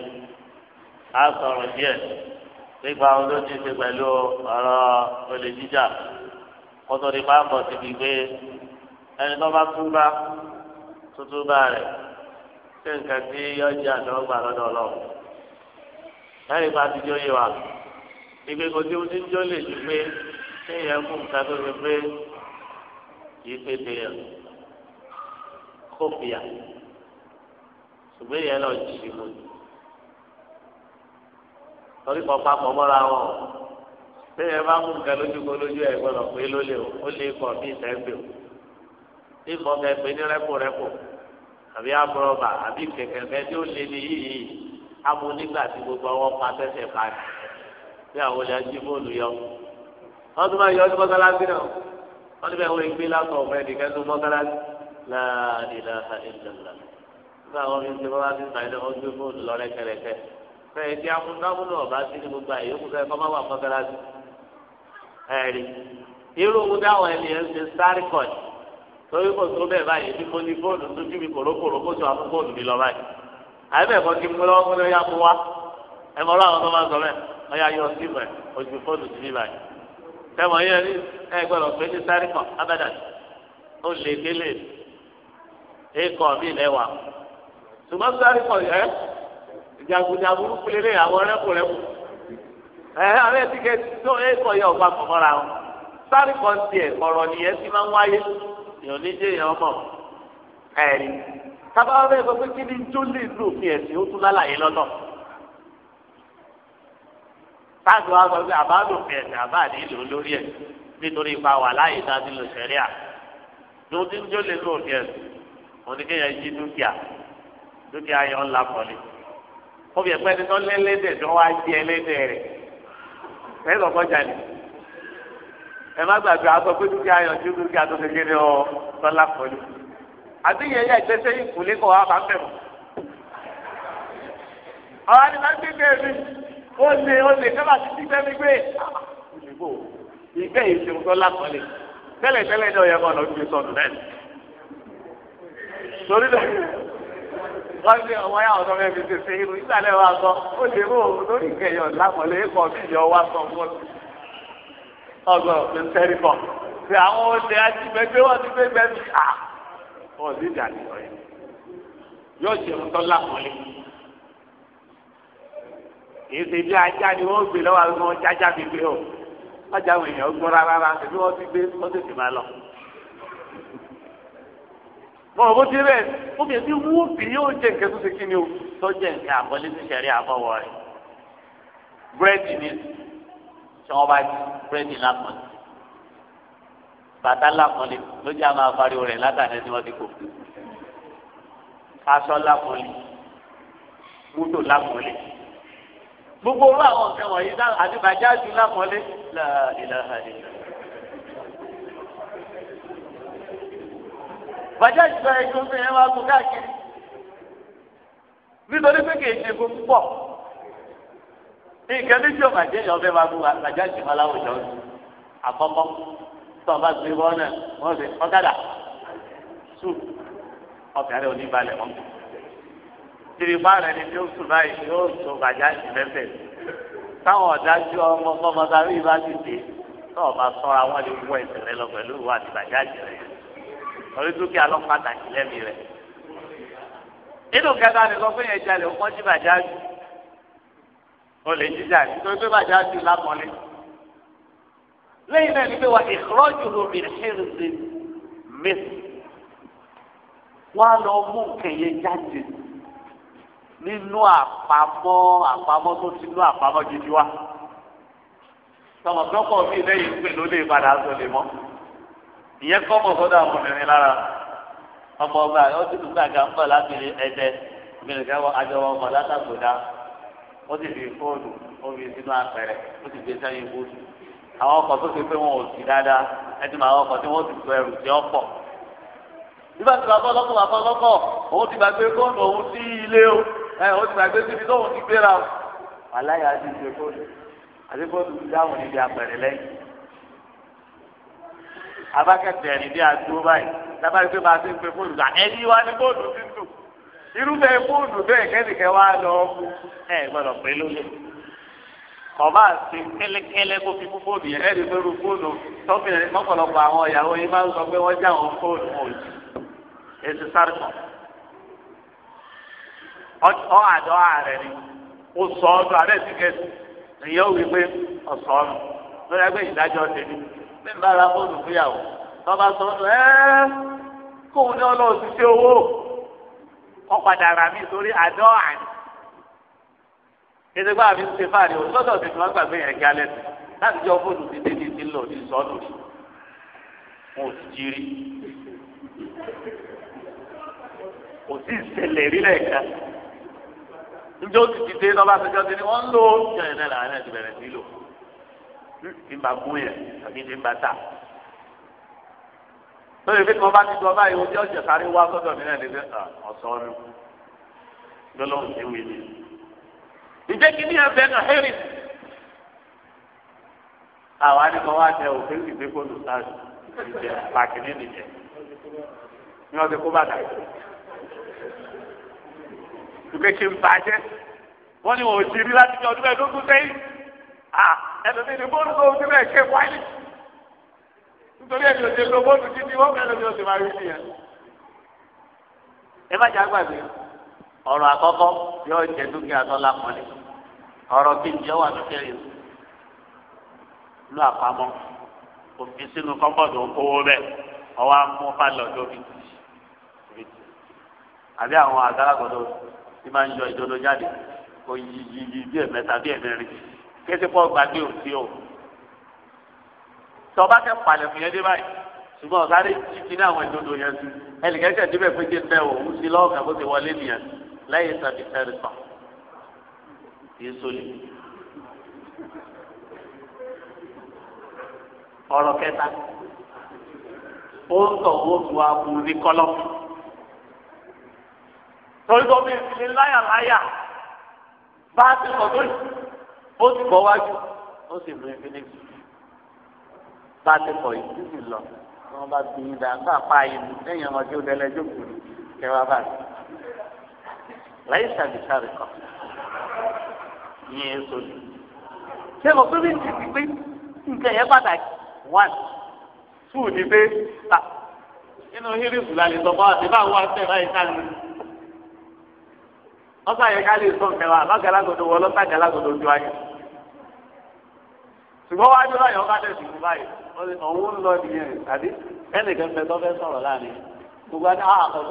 á sọ̀rọ̀ díẹ̀ nípa ohun tó ti ṣe pẹ̀lú ọ̀rọ̀ olè jíjà kótó ni máa ń bọ̀ síbi pé ẹni tó bá tún bá tuntun bá rẹ̀ ṣé nǹkan tí yọjá àtọ́gbà lọ́dọ̀ ọlọ́run lẹ́yìn bá ti jó yé wa ibi kò tí ó ti ń jó lè ju pé kéèyàn kú nǹkan tó ṣe pé kìí pé téèyàn kófìyà ṣùgbọ́n èèyàn náà jì í mu torí kan papọ̀ mọ́ra wọn téèyàn bá mú nǹkan lójú kó lójú ẹ̀ gbọ́dọ̀ pé ló lè o ó lè kọ̀ bí ìtẹ́gbẹ̀ o bí kò fẹ́ pé ní rẹ́pò rẹ́pò àbí abúrọ̀bà àbí kẹ̀kẹ́ fẹ́ tí ó lé ní yìí abo nígbà tí gbogbo ọwọ́ pa tẹ́sẹ̀ pa ni bí àwọn olè ají bóòlù yọ. wọ́n tún máa yọ ọdún mọ́sálásí náà wọ́n ní bẹ́ẹ̀ wọ́n gbé látọ̀ ọ̀fẹ́ nìkan tún mọ́sálásí láàrin láàrin ìlànà. nígbà wọn fi ń ṣe mọ́sálásí náà ní wọ́n lọ rẹ́kẹrẹkẹ. fẹ́ẹ̀ tí amúnámúnú ọ̀bá sí ní gbogbo àyè òkú fẹ́ẹ́ kọ́ wà mọ́sálásí. ẹ̀rí irú òun dáwọn ẹni ń ṣe sáré kọ̀ọ̀tì torí kò tó bẹ́ẹ̀ báyìí bí mo ní fóònù tó kí mi kòrókòrò kó tó àfún fóònù mi lọ báyìí àyẹ̀bẹ̀ kan kí mo lọ́wọ́ múlẹ̀ yá mo wá ẹ mọ láwọn tó máa sọ bẹ́ẹ̀ wọ́n yá yọ sí ìmọ̀ ẹ̀ oṣù fóònù sí báyìí tẹ́mọ̀ yẹn ní ẹ gbọ́dọ̀ pé ní sáré kan abẹ́dà ó lè délé ẹ̀kọ́ mi lẹ́wà ṣùgbọ́n sáré kan ẹ̀ jagunjagun kúlélé àwọn rẹ́kùrẹ́kù ẹ̀ alẹ́ tíkẹ́tì tó ẹ̀kọ́ yẹ ọ̀gbà kọ̀mọ́ra wọn sáré kan tiẹ̀ ọ̀rọ̀ nìyẹn ti máa ń wáyé èèyàn níjẹ́ èèyàn mọ̀ ẹ̀rí tábàbá bẹ́ẹ̀ sọ pé kí ni tó lè lò fi ẹ̀sìn ó tún lálàyé lọ́nà táàgì wa sọ pé àbá lò fi ẹ̀sìn àbá ní ìlú lórí ẹ̀ nítorí ipa wà láàyè dájú lò sẹ́ríà ní o ti ń jó lè lò fi ẹ̀sìn òun ni kéèyàn jí dúkìá dúkìá yẹn ń la pọ̀lì ó fi ẹ̀pẹ́ ni tó lé tó wá jí ẹlẹ́dẹ̀ rẹ̀ ẹ̀ lọ́kọ́ jalè ẹ má gbàgbé aṣọ pé dúkìá yanjú dúkìá tó ṣe kéde ọ lọ́la pọ̀lú. àbíyẹn yẹ ìgbésẹ̀ yìí kù lé kọ́ wa bá ń bẹ̀rù. ọ̀rọ̀ ni máa ń gbígbé mi ó lè ó lè kẹ́bà ti ti gbẹ́mí gbé. ìbò ìgbẹ́ yìí ṣe ń tọ́lá kan lè tẹ́lẹ̀ tẹ́lẹ̀ ní ọ̀yẹ́ kan lọ ju sọ̀tún náà. torí náà wọ́n ṣe ọmọ yà ọ̀sán fẹ́ẹ́ fi ṣe irun ìgbàlẹ̀ wa sọ ó lè mú òun lórí ìkẹyọ̀ lápọ̀lẹ́ kọ́ bí ìyọ̀ wa sọ fún ọ ọgbọ́n òfin sẹ́rí bọ̀ ṣe àwọn olè ajínigbé wọn ti gbé gbẹ́mí à wọn ò ní ìdá nìyọ yẹn yóò ṣe ń tọ́lá mọ́lé kìí ṣe bí ajá ni wọ́n gbé lọ́wọ́ àwọn ọmọ jájá mi gbé o ọjà àwọn èèyàn gbọ́n rárá rárá ṣe bí wọ́n ti gbé wọ́n tètè máa lọ. mo ò bó ti rẹ̀ obìnrin tí wú bí yóò jẹ nǹkan tó ṣe kí ni o tó jẹ nǹkan àkọlé ti ṣẹ̀rí àbọ̀wọ̀ rẹ̀ búrẹ́dì ni tí wọ́n bá búrẹ́dì lápọn bàtà lápọn lè lójú àwọn afáríwò rẹ̀ látàdé ni wọ́n ti kò aṣọ lápọn lè mútò lápọn lè gbogbo owó àwọn nǹkan wọ̀nyí náà àdìbàjá ju lápọn lè láàdìláhà lè. bàjá ìgbà ẹ̀jọ̀ fún ẹ wá kó káàkiri nítorí pé kì í ṣe gbogbo pọ̀ nǹkan méjì ọ̀gá jẹ́ ìyọ̀ fẹ́ máa gbó àgbàjá ìṣẹ̀ máa láwùjọ àkọ́kọ́ tó ọba gbé bọ́ náà wọ́n fi ọ̀kadà sù ọkàn rẹ̀ òní balẹ̀ mọ́. tìrìbá rẹ̀ ni tí ó sùn báyìí yóò tó gbàjá ìṣẹ̀ mẹ́fẹ̀ẹ́ táwọn ọ̀dájú ọmọ ọmọ sáré ìbá ti dé tó ọba sọ́ra wọn lè wọ ẹsẹ̀ rẹ lọ pẹ̀lú ìwà àti gbàjá ìṣẹ̀ rẹ̀ lórí dúkìá lọ́pàá tàkì lẹ́mìí rẹ̀. nínú kẹta nìkan fún yẹn jalè ó pọ́njú gbàjá ìṣẹ̀ olè jíjà ní tó gbé bàjẹ́ àti lápọ̀lẹ́. lẹ́yìn náà ni pé wà ìkọ́jú omi ìhẹ́rẹ́sì mẹ́sì wọ́n á lọ mú kẹ̀yẹ jáde nínú àpamọ́ àpamọ́ tó ti nú àpamọ́ gidi wa. tọmọtọkọ mi lẹ́yìn pé ló lè padà sọ lè mọ́ ìyẹn kọ́ mọ̀ sọ́dọ̀ àwọn lára ọmọ ọba ọtí tó gbàgbà ń bọ̀ láti ẹ̀dẹ̀ mi nìkan wọ ọmọ látàgbọ̀dá ó sì fi fóònù ó fi sínú apẹ̀rẹ̀ ó sì fi sẹ́yìn bóòtù àwọn ọkọ̀ tó ṣe pé wọn ò sí dáadáa ẹni mà àwọn ọkọ̀ tí wọ́n ti sọ ẹrù tí ó pọ̀ nígbà tí bàbá ọlọ́kọ̀ bàbá ọlọ́kọ̀ òun ti gbàgbé fóònù òun sí ilé o ẹ òun ti gbàgbé síbi tóun ti gbéra o àláyà ti ṣe fóònù àti fóònù ti dáhùn níbi apẹ̀rẹ̀ lẹ́yìn abákẹ́tẹ̀ ẹ̀rìn bí adúró báyìí lábàá irúfẹ́ fóònù bẹ́ẹ̀ kẹ́nìkẹ́ wá lọ ẹ gbọ́dọ̀ pé lónìí ọba àti kẹ́lẹ́kẹ́lẹ́ kó fi fún fóònù yẹn ẹ̀rí lóru fóònù tọ́pìnrin mọ́kànlọ́pọ̀ àwọn ìyàwó yìí máa ń sọ pé wọ́n já àwọn fóònù wọn jù èsì sáré kan ọ àdọ́ ààrẹ ni ó sọ ọdún ààrẹ ti kẹsì ìyẹn ò wí pé ọ̀sọ́ ọ̀nù lórí ẹgbẹ́ ìdájọ́ tèmi bí n bá ra fóònù fúyàwó ọ̀padà rà mí torí àdó àní. ìdígbà mi ń ṣe fáàrí o lọ́dọ̀ tí wọ́n gbàgbé yẹn kí alẹ́ láti jọ fóònù ti dé ní ti lọ ní sọ́ọ̀nù rí wọn ò sì jí rí kò sí ìṣẹ̀lẹ̀ rí lẹ́ẹ̀kan njẹ o ti ti dé lọba àtijọ́ ti ni wọ́n lò ó jẹ́ ẹ̀ náà làwọn ẹ̀ ti bẹ̀rẹ̀ sí lò ní gún yẹn àbí ti tà lórí fi kí wọn bá ti dùn ọba yìí ojú ọjà sáré wá sọ́dọ̀ mi náà lè fẹ ọsọọlù lọlọrun ti wí ni. ìjẹ́ kí ní ẹ̀fẹ́ náà hẹ́rì. àwa ni kò wá jẹ òfin ìgbé kó lù sáré ìjẹ pàkì ní nìjẹ ní ọdún kó bàtà. ìgbé kí n bàjẹ́ wọ́n ní wọn ò ti rí láti fi ọdún mẹ́ẹ̀ẹ́dógún sẹ́yìn. ẹ̀sìn ti ní bóòlù tó ń sílẹ̀ ṣe wáyé nítorí ẹ̀mí òṣèlú lọ́gbọ́dù títí wọ́n fẹ́ lómi oṣù márùn sí yẹn. ẹ má jà gbàgbé ọ̀rọ̀ àkọ́kọ́ yóò jẹ dúkìá tó lápọ̀lé ọ̀rọ̀ kejì ọwọ́ àtúkẹ́rẹ́ lọ àpamọ́ òfin sínú kọ́ńpọ̀tù òkòwò bẹ́ẹ̀ ọwọ́ amú pálọ̀ lóbi àbí àwọn àgbàlagbọ̀dọ̀ tí máa ń yọ ìdodo jáde kò yí yí yí bí ẹ̀mẹ́ta bí ẹ̀mẹ́rin kí ẹ ti pọ̀ gbàgbé òsì o tọba tẹ palẹ̀ fún yẹn dé báyìí ṣùgbọ́n ọ̀sáré títí ní àwọn ìdodo yẹn tu ẹnìkẹ́kẹ́ débẹ̀ pé jẹ́ bẹ́ẹ̀ o ń sí lọ́wọ́ kan bó ti wọlé nìyẹn lẹ́yìn sàbí sẹ́rì sàn kì í sólè. ọ̀rọ̀ kẹta ó ń tọ̀ ó tu abu ní kọ́lọ́mù torí tó bí ìfìlẹ̀ láyàláyà bá a ti sọ̀ tó yìí ó ti bọ̀ wájú ó sì mú ìfìlẹ̀ bá ti kọ̀ yìí títí lọ tí wọ́n bá fi yín dáa bá pa yín lẹ́yìn ọmọ tí ó dẹ́lẹ́ jókòó kẹwàá bá ti. láyé sàbìsàbì kan yín èso ni. ṣé mo pé bí n ti ti pé nǹkan yẹn pàtàkì one two ni pé ta nínú hírìsù la lè sọ fún àti báwo wá sẹ́ẹ̀ báyìí ká lè. wọ́n sàyẹ̀ká lè sọ kẹwàá lọ́gàlágodo wọ lọ́sàgàlágodo ju ayé ṣùgbọ́n wá jọ láyọ̀ ká tẹ̀sí ní báyìí ọ̀hún ń lọ nìyẹn àbí ẹnìkan fẹ́ tó fẹ́ sọ̀rọ̀ láàrin gbogbo àti àkọ́ ah, sọ̀rọ̀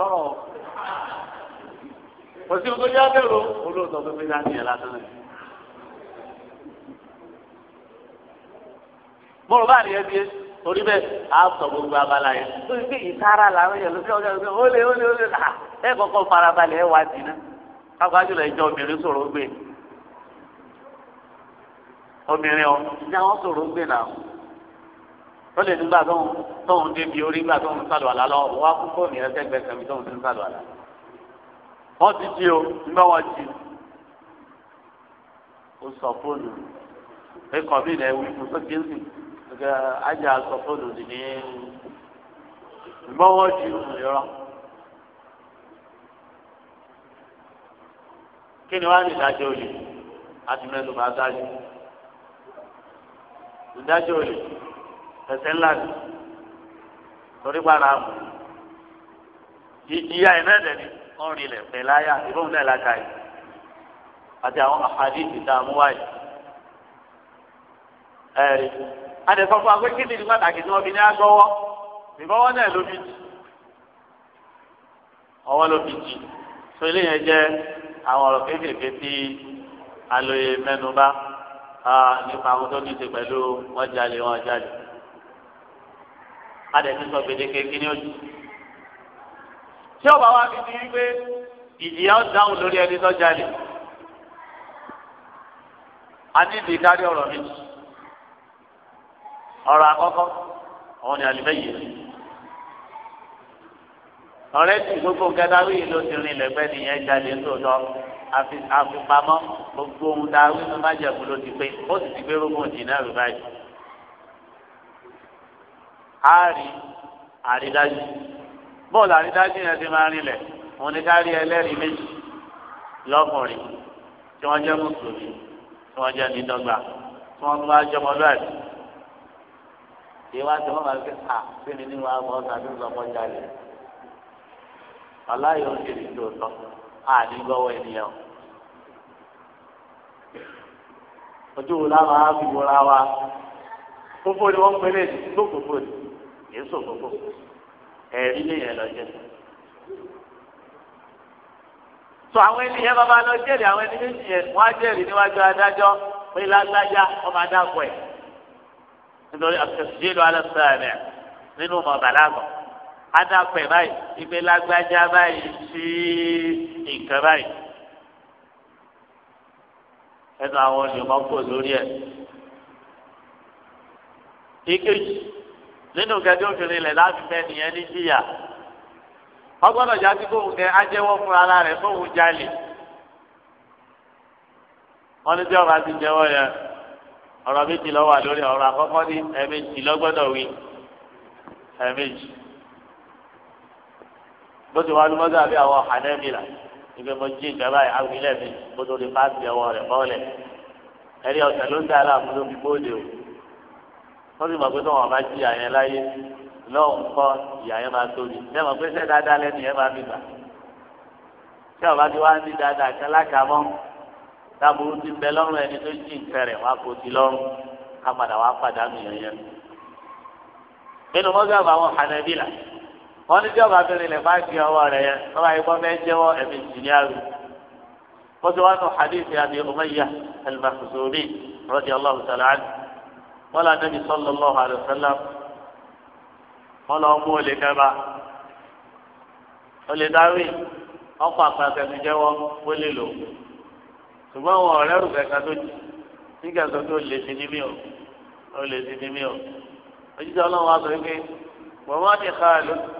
kò sí ojú yá bẹ̀rù olóòótọ́ tó fi dání ẹ̀ lásán rẹ̀. mo rò báyìí ẹbí ẹ torí bẹ́ẹ̀ á sọ gbogbo abala yẹn tó ti gbé ìtara làwọn yẹn lókè ọjọ́ ìgbé ó lé ó lé ó lé ah, ẹ kọ́kọ́ farabalẹ̀ ẹ wá dì obìnrin ọ ní àwọn sọ̀rọ̀ ń gbé náà ó lè nígbà tó ń tó ń débi orí nígbà tó ń sàlù àlá lọ wá kú fóònù yẹn sẹ́gbẹ̀ẹ́ tó ń ti ń àlá wọ́n ti di o nígbà wọ́n ti ó sọ fóònù pé kọ̀mí rẹ̀ wí fún sókè gẹ́gẹ́ ajá sọ fóònù dì ní ìmọ̀wọ́ ju ìrọ̀. kí ni wàá nìdájọ́ olè àti mẹ́lùmọ́ adájọ́ ìdájọ́ olè ẹsẹ̀ ńlá ni torí gbára mọ̀ ìjìyà iná ẹ̀dẹ̀ ni wọ́n rí ilẹ̀ pẹ̀ láyà ìbọn náà láta yìí àti àwọn àhàdí ìta àmúwáyé ẹ̀rí adẹ̀sọ́fún agbé kí ni pàtàkì tí wọ́n fi ní agbọ́wọ́ ìbọ́wọ́ náà ló fi jì ọwọ́ ló fi jì tó eléyẹn jẹ́ àwọn ọ̀rọ̀ kéékèèké tí alóye mẹ́nu bá nípa àwọn tó ní ṣe pẹ̀lú wọ́n jalè wọ́n jalè. adẹ̀tí sọ gbèdéke kíní ojú. tí ọba wa fi ti wípé ìjìyà ó dáhùn lórí ẹni tó jalè. a ní ìdí kárí ọ̀rọ̀ méjì. ọ̀rọ̀ àkọ́kọ́ àwọn ni àlùbẹ́yẹ. ọ̀rẹ́ tí gbogbo nǹkan dáwé yìí ló ti rìn lẹ́gbẹ́ nìyẹn jalè tó tọ́ àfipamọ́ gbogbo ohun tá a wí fún májẹ̀kú ló ti pé ó sì ti gbé rógùn jìnnà rẹ̀ báyìí. a rí àrídájú bọ́ọ̀lù àrídájú yẹn ti máa rinlẹ̀ òun ni ká rí ẹlẹ́rìí méjì lọ́kùnrin tí wọ́n jẹ́ mùsùlùmí tí wọ́n jẹ́ nídọ́gba tí wọ́n bá jẹ́ ọmọlúwàbí. ìwà tí wọ́n máa fi à sí ni níwọ̀n àwọn ọ̀sán tó sọ fọ́jà rẹ̀. aláyọ̀ ń ṣe ìdí àní lọ́wọ́ ènìyàn. ojú wo láwọn àbíwọ́ra wa fúnfún ni wọ́n pélé lókòókò ni kìí sòkòókò ẹ̀rí lèyàn lọ jẹ́ sọ àwọn ènìyàn bàbá lọ jẹ́rìí àwọn ẹni méjì yẹn wọ́n á jẹ́rìí níwájú adájọ́ pé lágbájá ọmọ adáko ẹ̀ nítorí àtẹ̀síyé lọ alẹ́ sọ̀rọ̀ nínú ọmọ bàlágọ̀ adapẹ báyìí ife lágbájá báyìí sí nǹkan báyìí ẹnu àwọn olùmọ kò lórí ẹ ìkejì nínú gẹ́gẹ́ obìnrin rẹ láti fẹ nìyẹn ní jìyà ọgbọdọ já sí kóhùn kẹ ajẹwọ fún ara rẹ fóhùn jalè wọn ní tí ọba ti jẹ́wọ́ yẹ ọ̀rọ̀ méjì lọ wà lórí ọ̀rọ̀ àkọ́kọ́ ní ẹ̀ẹ̀mejì lọgbọdọ wí ẹ̀ẹ̀mejì bó ti wá ní mọ́tò àbí àwọn hànẹ́mìlà ìgbẹ́ mo jí ìgbẹ́ báyìí àwọn ilé mi mo tó lè bá ti ọwọ́ rẹ̀ bọ́ọ̀lẹ̀ ẹ̀rí ọ̀sẹ̀ ló ń dá aláàbò ló fi bóde o wọ́n sì mọ̀ pé tó wọn bá jí ìyá yẹn láyé lọ́wọ́ ń kọ́ ìyá yẹn máa tóbi ṣé mọ̀ pé ṣé dáadáa lẹ́nu yẹn máa fi gbà ṣé ọba ti wá ní dáadáa kan lákàmọ́ dábòrú ti bẹ lọ́rùn ẹni tó jí nǹkan wá kó ti lọ́rùn ká padà wá padà nù yẹn yẹn nínú mọ́tò àbáwọn hànẹ́bílà wọ́n ní bí ọba abẹ́rẹ́ ilẹ̀ bá di ọwọ́ rẹ̀ yẹn wọ́n bá yẹ kó fẹ́ jẹ́wọ́ ẹ̀mí ìjìnlẹ́rù ó ti wá nù hadith àti umayya al-mahzumi radiyallahu ta'ala anhu wọ́n lọ anabi sallallahu alayhi wa sallam wọ́n lọ mú olè kẹba olè dáwì ọkọ̀ àpàtẹ ti jẹ́wọ́ ó lè lò ṣùgbọ́n àwọn ọ̀rẹ́ rù kẹ̀kẹ́ tó jì nígbà tó tó lè ti ní mí o lè ti ní mí o ojúṣe ọlọ́run wa sọ wípé wọ́n ti ká lónìí.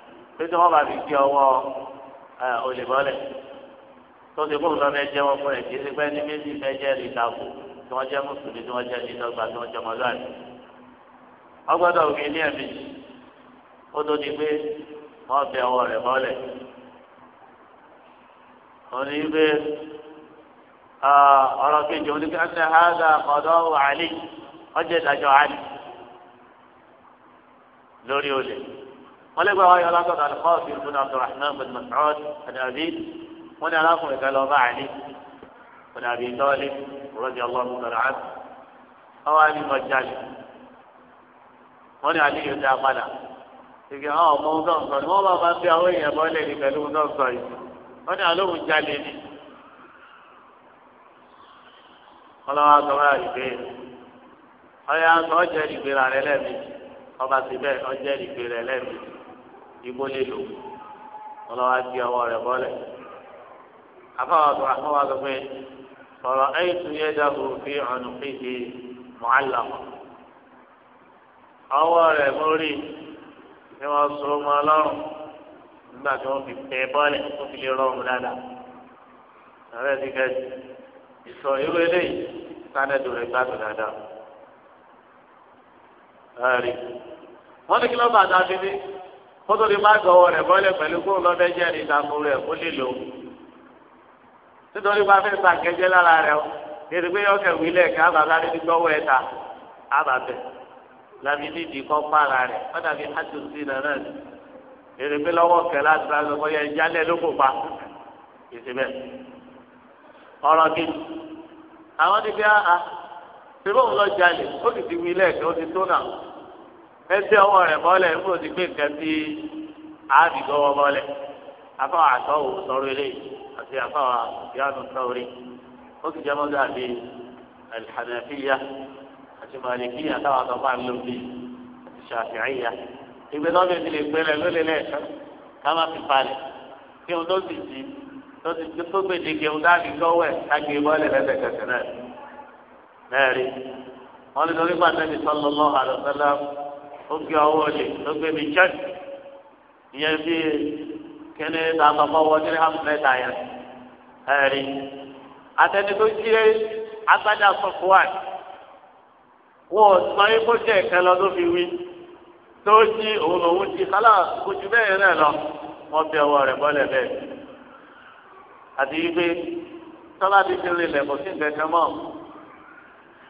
pé tí bá fi kí ọwọ́ olèbọ́lẹ̀ tó ti kóun lọ́mọ ẹjẹ́ wọn fún ẹ̀ kí ẹsẹ̀ pé ní méjì fẹ́ jẹ́ ìdàgbò tí wọ́n jẹ́ mùsùlùmí tí wọ́n jẹ́ ìdọ́gba tí wọ́n jẹ́ ọmọlúwàbí. ọgbọ́dọ̀ òkè ní ẹ̀mí ó tó di pé wọ́n bẹ ọwọ́ rẹ̀ bọ́lẹ̀. òní pé ọ̀rọ̀ kejì oníkàtà hàgà ọ̀dọ́ àlì ọjọ́ ìdájọ́ àlì lórí olè mọlẹ́gbẹ́ wa yọ̀ọ́ látọ̀dọ̀ alikọ́ọ̀sì ibùdó abdulrahman bin masoud adabi wọn ni alákùnrin kan lọ́ọ́ bá àlí wọn àbí tọ́lé rọ́jì ọlọ́run sọ̀rọ̀ àti ọwọ́ àlí mọ̀ jáde wọn ni àlí yóò dá padà ìgbà àwọn ọmọ ọdún sọ ni wọn bá máa ń bí àwọn èèyàn mọ́lẹ̀ ní pẹ̀lú ọdún sọ yìí wọn ni àlóhùn jáde ni wọn lọ́wọ́ àtọ́wọ́ àdìgbé ọyà àtọ́ ọjẹ́ ìgbéra rẹ lẹ́ẹ̀mejì ọba síbẹ̀ ọjẹ́ ìgbéra rẹ lẹ́ẹ̀mejì. igbó lélo ọlọ́wà di ọwọ́ rẹ bọ́lẹ̀ afọwọ́sọ afọwọ́ pé sọ̀rọ̀ ẹ̀yìn tún yẹ dàbò fi ọ̀nà fèsì mọ́àlá ọwọ́ rẹ mórí ni wọ́n so mọ́ ọlọ́run nígbà tí wọ́n fi pẹ́ bọ́lẹ̀ tó fi lè rọrùn dáadáa ọ̀rẹ́ ti ìsọ irú eléyìí dáadáa. wọ́n ní kótó ni má gbọ́wọ́ rẹ̀ bọ́lẹ̀ pẹ̀lú kó lọ́dẹ́ jẹ́ ní ìtàkùn rẹ̀ kó lè lò ó nítorí bá fẹ́ sàkẹ́jẹ́ lára rẹ̀ o èdè pé ọkẹ́ wílẹ̀ kí abàbá rẹ̀ gbọ́wọ́ ẹ̀ ta abàbẹ̀ làbí nídi kọ́ para rẹ̀ kọ́dà bí àtúntì nàrà rẹ̀ èdè pé lọ́wọ́ kẹ́ láti ra lọ́wọ́ yẹ jálẹ̀ ló kó pa ìsìnbẹ̀ ọ̀rọ̀ kí àwọn ti fi àhà ah, ah, ṣùgbọ́n òun lọ jalè ó sì ti wílẹ̀ kí ó ti tó náà ẹsẹ̀ ọwọ́ rẹ̀ mọ́lẹ̀ nígbà tí gbé nǹkan tí àbí gbọ́wọ́ mọ́lẹ̀ afáwọn àtọ́wò sọ̀rọ̀ eléyìí àti afáwọn ìyáàdùn sọ̀rọ̀ ó sì jẹ́ mọ́tò àbí alhànàfíyà àti màlìkíyà táwọn àtọ́fà ń lò bí àti ṣàfihàyà ìgbẹ́ náà bẹ̀rẹ̀ lè gbẹ́lẹ̀ lólè lẹ́ẹ̀kan ká má fi palẹ̀ kí wọn tó sì jí tó ti tó gbèdéke wọn dábì gbọ́wọ́ ẹ̀ kágbé mọ́lẹ̀ lẹ́sẹ̀kẹsẹ̀ náà mẹ́rin wọn ní torí pàtẹ́ni sọ́lọ́lọ́ àlọ́sọ́lá ó gbé ọwọ́ lè ló gbé mi jẹ́ ìyẹn bí kíni àtọ̀kọ́ wọ ní hamleta yẹn ẹ̀rí àtẹni tó jí agbádá sọfúwàn wọ́n sọ yín kó jẹ́ ìkẹ́ lọ tó fi wí tó jí òun lòun jí kálá kojú bẹ́ẹ̀ rẹ̀ lọ wọ́n bí ọwọ́ rẹ̀ bọ́lẹ̀ bẹ́ẹ̀ àti wípé tọ́lá ti fi rinlẹ̀ kò sí nǹkan kan mọ́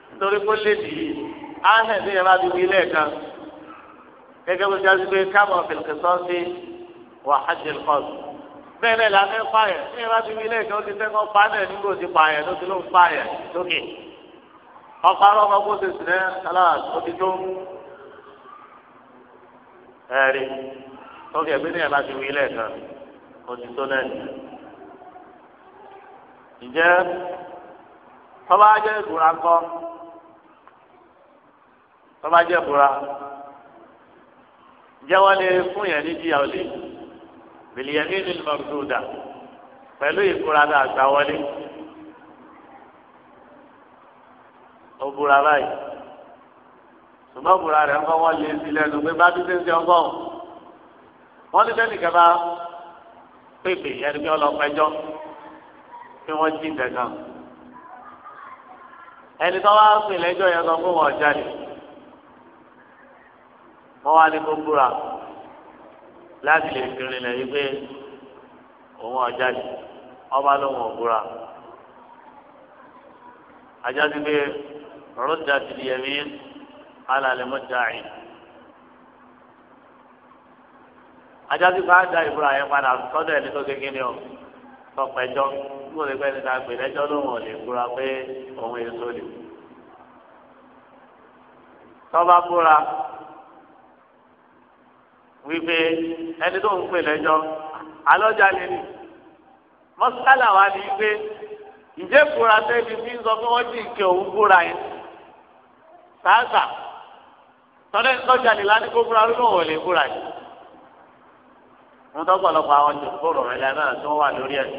nítorí kó lè dì í áhẹ̀ ní ìyẹn bá ti wí lẹ́ẹ̀kan gẹ́gẹ́ bó jáde pé káàbọ̀ fìlìkì sọ́ọ̀sì wà hajjil kọ́s. bẹ́ẹ̀ náà la fẹ́ pààyàn ní ìwà bíbí ilé ìkẹ́ ó ti fẹ́kọ̀ọ́ pààyàn nígbà ó ti pààyàn ló ti ló ń pààyàn lókè. ọkọ̀ arọ́ ọmọ bó ti sùn ní aláàs ó ti tó ẹ̀rí lókè bí níyàrá ti wí ilé ìkan ó ti tó náà ǹjẹ́ tọ́ba jẹ́ ìbúra kọ́ tọ́ba ìbúra jẹ́wọ́ lè fún yẹn ní jíyà olè bìlíyẹ̀mí ní mọ̀gbọ́dà pẹ̀lú ìkúradà àgbáwọlé ó búra báyìí ṣùgbọ́n búra rẹ̀ ń kọ́ wọ́n lé sí lẹ́nu pé bá dúdú ń ṣe ọgbọ́n wọ́n ní sẹ́ni kẹfà pépè yẹn ní ọlọ́pẹ́jọ́ pé wọ́n jí ìtẹ̀gàn ẹni tó wá pè lẹ́jọ́ yẹn sọ fún wọn jáde. wọ́n wá ní kó búra láti lè fi rinlẹ̀ yìí pé òun ọjà ọba ló wọ̀ ajá sí pé rọ́jà ti di ẹ̀mí alàlẹ́ mọ́jà yìí. ajá sí ajá ìbúra yẹn padà sọ́dọ̀ ẹni tó kékeré ní wípé ẹni tó ń pè lẹ́jọ́ alọ́jà lè ní mọ́sálà wa ni wípé ìjẹ́ kura sẹ́ni fi ń sọ pé wọ́n jì kí òun kúra yẹn sáàsà tọ́lẹ̀ lọ́jà lè láti kó kúra lónà òun lè kúra yẹn wọ́n tọ́pọ̀lọpọ̀ àwọn jòkòrò rẹ̀ lẹ́nu náà tó wà lórí ẹ̀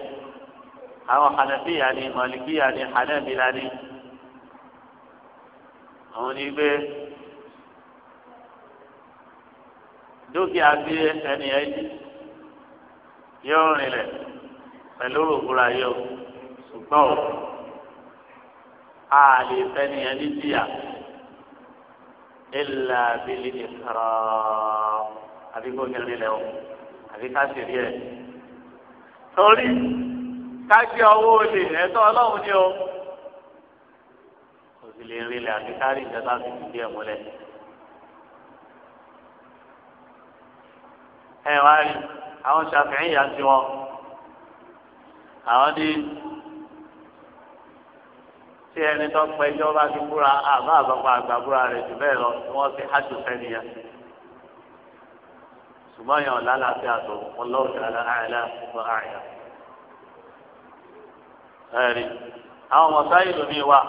àwọn hànàfíyà ni màlìkíyà ni hànàbílà ni àwọn ni gbé. dúkìá bí ẹni ẹni yóò rinlẹ̀ pẹ̀lú òkúra yóò ṣùgbọ́n o a lè fẹ́ni ẹni díà ilà bíi ìkọrọ àbí kò ní rinlẹ̀ o àbí ká sì rí ẹ. torí ká gbé ọwọ́ olè ẹ̀tọ́ ọlọ́run ni o kò sì lè rinlẹ̀ àbí ká ìjọba fi fìdí ẹ̀ múlẹ̀. ẹ wá rí àwọn ṣàfihàn yà sí wọn àwọn ní tí ẹni tó pẹjọ́ bá ti búra àbá àbápa àgbà búra jù bẹ́ẹ̀ lọ tí wọ́n ti hájú fẹ́ni yẹn ṣùgbọ́n yẹn ọ̀la láti wọn lọ́wọ́ sí àlá àìlá fún àyà. ẹ̀rí àwọn ọmọ sáyé lómi wa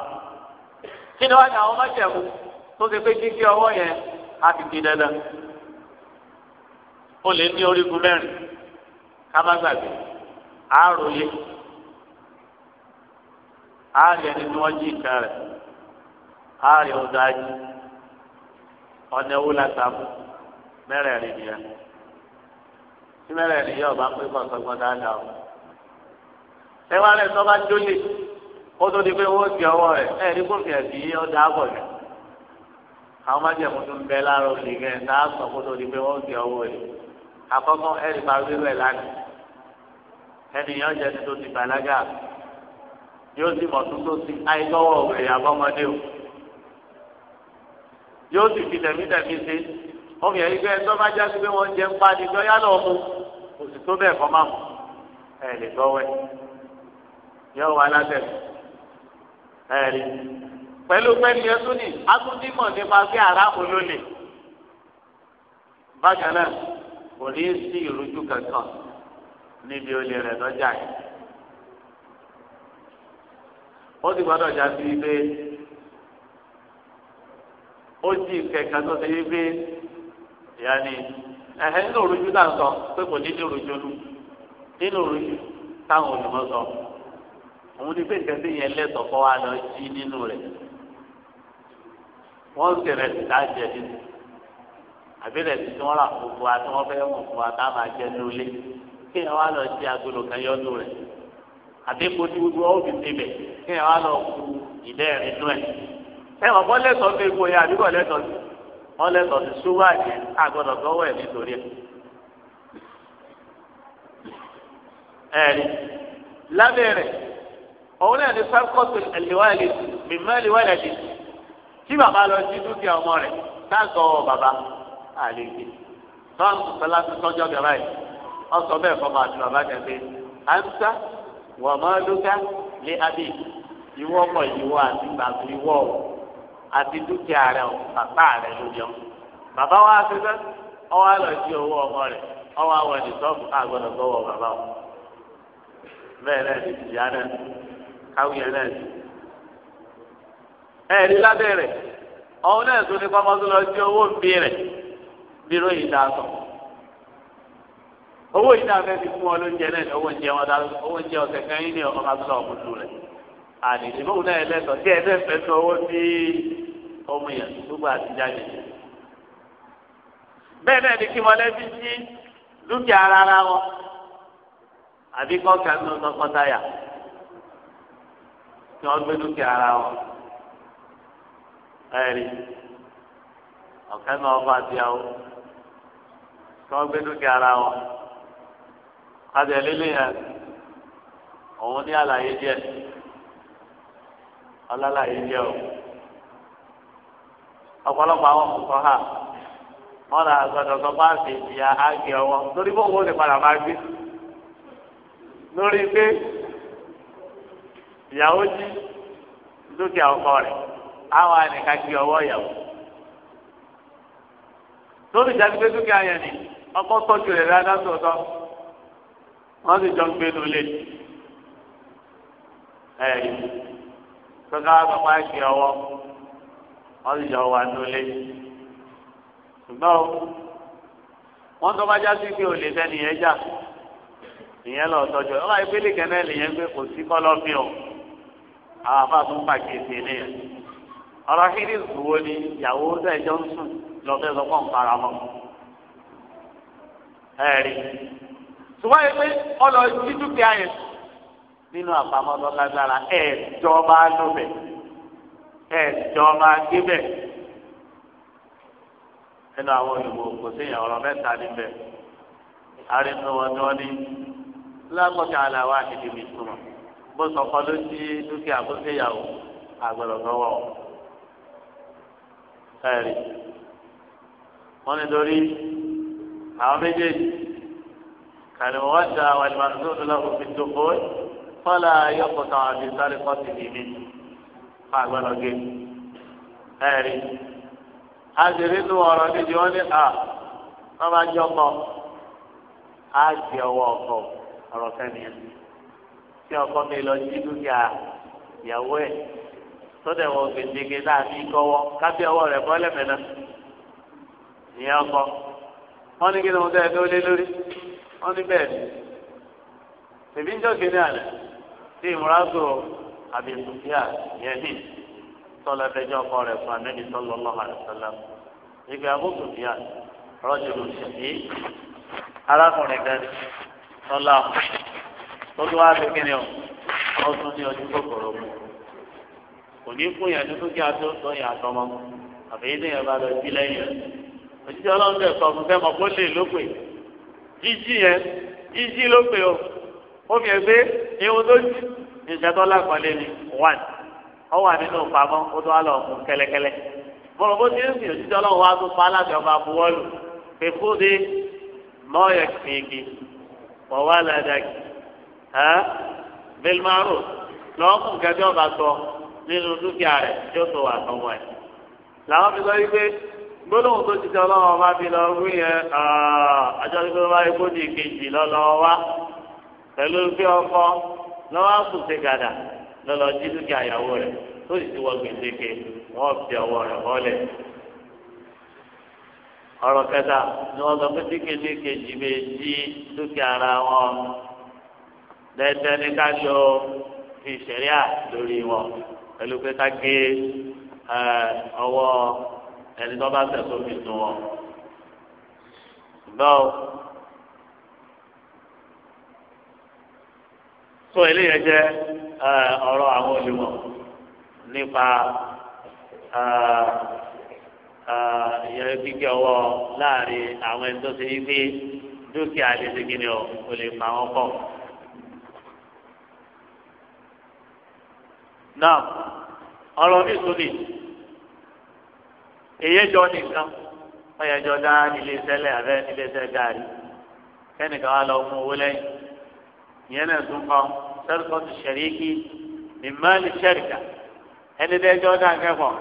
kí ni wọ́n ní àwọn májẹ̀mú tó ti pé kíkí ọwọ́ yẹn á ti di dandan ó lè ní orígun mẹ́rin kábàgbàgbé àròyé àárẹ̀ ẹni tí wọ́n jí nǹkan rẹ̀ àárẹ̀ ọ̀dọ̀ ajé ọ̀nà owó látàmú mẹ́rẹ̀ẹ̀rin nìyẹn tí mẹ́rẹ̀ẹ̀rin yóò bá pé kọ̀ọ̀sọ́gbọ́n dáadáa o ẹ wá lẹ́sọ́ bá jóyè ó tó di pé owó ti ọwọ́ rẹ̀ ẹ̀ ní kò fìyà sí ọ̀dà àbọ̀ rẹ̀ àwọn májèmú tó ń bẹ láàárọ̀ òṣèlú ẹ̀ dáàbọ̀ kó tó di pé wọ́n ti ọwọ́ rẹ̀ àkọ́kọ́ ẹ̀rí máa wíwọ̀ ẹ̀ lánàá ẹnìyàn jẹ́ tó ti bàlágà yóò sì mọ̀ tó tó ti àìlọ́wọ́ ọ̀rẹ́ àbọ́mọdé o yóò sì fi tẹ̀mítẹ̀mí ṣe ọmọ yẹn gbé ẹjọ́ bá jásí pé wọ́n jẹ́ ń pa ni lọ́yà lọ́ mu kò sì tó bẹ́ẹ̀ kọ́ máa mú ẹ lè gbọ́wẹ́ yọ wà látẹ̀lẹ́ ẹ rí pẹ̀lú pẹ́ẹ́lú yẹn tún nípa bí aráàlú ló bákan náà. kò ní sí ìrújú kankan níbi olè rẹ̀ lọ́jà yìí. ó sì gbọ́dọ̀ já sí pé ó jí kẹ̀kẹ́ tó ṣe ni nínú ìrújú náà sọ pé kò ní ní ìrújú nù nínú ìrújú táwọn sọ òun ni pé nǹkan yẹn lẹ́tọ̀ọ́ kọ́ wa jí nínú wọ́n ń àbí rẹ̀ tí wọ́n rà fún wa tí wọ́n fẹ́ mọ̀ fún wa tá a máa jẹ́ lólé kí ẹ wá lọ sí agolo kan yọ́nú rẹ̀ àti epo tí gbogbo ọ́ fi tibẹ̀ kí ẹ wá lọ ku ìdẹ́rìn nú ẹ̀. ẹ wọ́n bọ́ lẹ́tọ̀ọ́ sí epo yẹn àbí kò lẹ́tọ̀ọ́ sí wọ́n lẹ́tọ̀ọ́ sí ṣúgà yẹn àgọ́dọ̀ gbọ́wọ́ ẹ̀ nítorí ẹ̀. ẹ̀rí lábẹ́ rẹ̀ òun ní sáfkọ́tù ẹ̀lẹ́wàlì mímọ́ ẹ̀lẹ́wàlì àlejò tọ́lá tó fẹ́ tọ́jọ́ bẹ̀rẹ̀ báyìí wọ́n sọ bẹ́ẹ̀ fọmọ àti bàbá kan pé àǹtá wọ́n máa lóka lé abẹ́ ìwọ ọmọ ìwọ àti bàbá ìwọ ọ̀ àti dúkìá rẹ ọ̀ bàbá rẹ ló jọ bàbá wa ṣe fẹ́ ọwọ́ àlọ́ sí owó ọmọ rẹ ọwọ́ àwọn ẹni sọ́ọ̀bù àgbọ̀dọ̀ gbọ́wọ́ bàbá wọn bẹ́ẹ̀ náà ti náà náà ti ẹ̀ẹ́dí ọ̀hún náà tún ní bíró yìí dáa owó yìí dáa fẹ́ẹ́ fún ọ náà owó wọn owó ọ̀sẹ̀ kan yín ní ọmọ ọmọ rẹ̀ àdì náà tí fẹ́ owó sí ọmọ yẹn gbogbo àtijáde bẹ́ẹ̀ náà ni kí sí dúkìá rárá wọn àbí ara wọn. ẹ̀rí ọ̀kẹ́ náà tí wọ́n gbé dúkìá ara wọn adé lílé yẹn òun ní àlàyé díẹ̀ ọlọ́láyé díẹ̀ o ọ̀pọ̀lọpọ̀ àwọn ọ̀kọ́ hà wọ́n là sọ ági ọwọ́ lè padà máa gbé lórí pé ìyàwó jí dúkìá ọkọ àwọn ọwọ́ ìyàwó ọkọ tọ́jú rẹ̀ dáadáa sọ̀tọ̀ wọ́n sì jọ ń gbé lulẹ̀ ẹ̀ tọ́ka tó máa sì jọ wà lulẹ̀ ṣùgbọ́n wọ́n tó bá já sí pé olè nìyẹn jà nìyẹn lọ tọ́jú ọ̀rọ̀ ìpele kẹ́nẹ́ nìyẹn pé kò sí o àwọn àbá tó ń nìyẹn ẹ̀rí ṣùgbọ́n yìí pé ọlọ jí dúkìá yẹn nínú àpamọ́ lágbára bẹ̀ gé bẹ̀ nínú àwọn olùwò kò séèyàn ọ̀rọ̀ mẹ́ta níbẹ̀ arínú wọn ni wọ́n ní lágbọ̀tà aláwa àti ìtumọ̀ bó sọkọ ló ti dúkìá bó dị àgbẹ̀rọ̀ àwọn méjèèjì kàlẹ́ wọ́n da àwọn ìmọ̀tò lọ́wọ́ fi tó bó fọ́lá yọkọ̀tà àbí sáré kọ́sì nìmi fún àgbọ̀lọ́gẹ́ ẹ̀rí. a sì rí inú ọ̀rọ̀ níbi wọ́n ní à wọ́n máa jẹ́ ọkọ̀ á di ọwọ́ ọkọ̀ ọ̀rọ̀ kẹ́niyàn tí ọkọ̀ mi lọ jí dúkìá ìyàwó ẹ̀ sọ́dọ̀ ẹ̀wọ̀n gbèdéke náà ní kọ́wọ́ kábíyàwó rẹ̀ bọ́lẹ̀ mẹ́ná ìyẹn ọkọ̀ wọ́n ní kí ni mo tẹ́ ẹ tó lé lórí wọ́n ní bẹ́ẹ̀ ni èmi ń jọ kéde àlẹ́ tí ìmúrasò àbẹ̀sùfíà yẹn ní sọlá fẹjọ́ ọkọ rẹ̀ fún amẹ́ni sọlọ́ lọ́wọ́ àdìsọ́lá ìgbé abúsùfíà rọ́jò lùsùfì arákùnrin kan sọlá tó tó wá sí kí ni o wọ́n tún ní ọdún kòkòrò mu kò ní fún yẹn ní dúkìá tó tó yẹn àtọmọ àbẹ̀yẹ́ òjijì ọlọ́run tẹ̀ sọ fún fẹ́mọ̀ kó lè ló pè jíjí yẹn jíjí ló pè o ó fi ẹgbẹ́ ihun tó jí ìṣẹ́tọ́ lápọ̀lẹ́ ni one ọ wà nínú pamọ́ ó tó wà lọ mú kẹ́lẹ́kẹ́lẹ́ bọ̀rọ̀ bó ti ń sìn òjijì ọlọ́run wa tó pa aláṣẹ ọba buwọ́lù pé fúdi mọ́ọ̀yẹ̀ kìkì wọ́wá ládàkì bẹ́lmárò lọ́wọ́ kù kẹ́kẹ́ ọba sọ nínú dúkìá rẹ̀ tí ó tó wà sọ́wọ́ ẹ̀ làwọn fi sọ wípé gbólóhùn tó ti sọ ọlọ́wọ́ bá fi lọ wí yẹn àjọyọ̀ tó bá yẹ kó di kejì lọ́lọ́wọ́ wá pẹ̀lú ọkọ lọ́wọ́ àkùsẹ̀ gàdà lọ́lọ́ jí dúkìá ìyàwó rẹ̀ tó sì ti wọ gbèdéke wọ́n fi ọwọ́ rẹ̀ ọ̀rọ̀ kẹta ni wọ́n sọ pé tí jí dúkìá ara wọn ní lórí wọn pẹ̀lú ẹni tó bá tẹ̀ sófin nu wọn. ṣùgbọ́n o tó eléyẹ jẹ́ ọ̀rọ̀ àwọn olùmọ̀ nípa ìyẹn gbígbé ọwọ́ láàrin àwọn ẹni tó ṣe yí pé dúkìá lè ṣe kí ni o kò lè pa wọn pọ̀. náà ọ̀rọ̀ mi èyí jọ nìkan wọ́n yẹ jọ dá nílé sẹ́lẹ̀ abẹ́ nílé sẹ́ gàrí kẹ́nìkan wà lọ fún owó lẹ́yìn ìyẹn náà tún kọ́ sẹ́ríkọ́ ti ṣẹ̀rí kí ìmọ̀lì ṣẹ̀ríkà ẹni tẹ́ jọ dá kẹ́kọ̀ọ́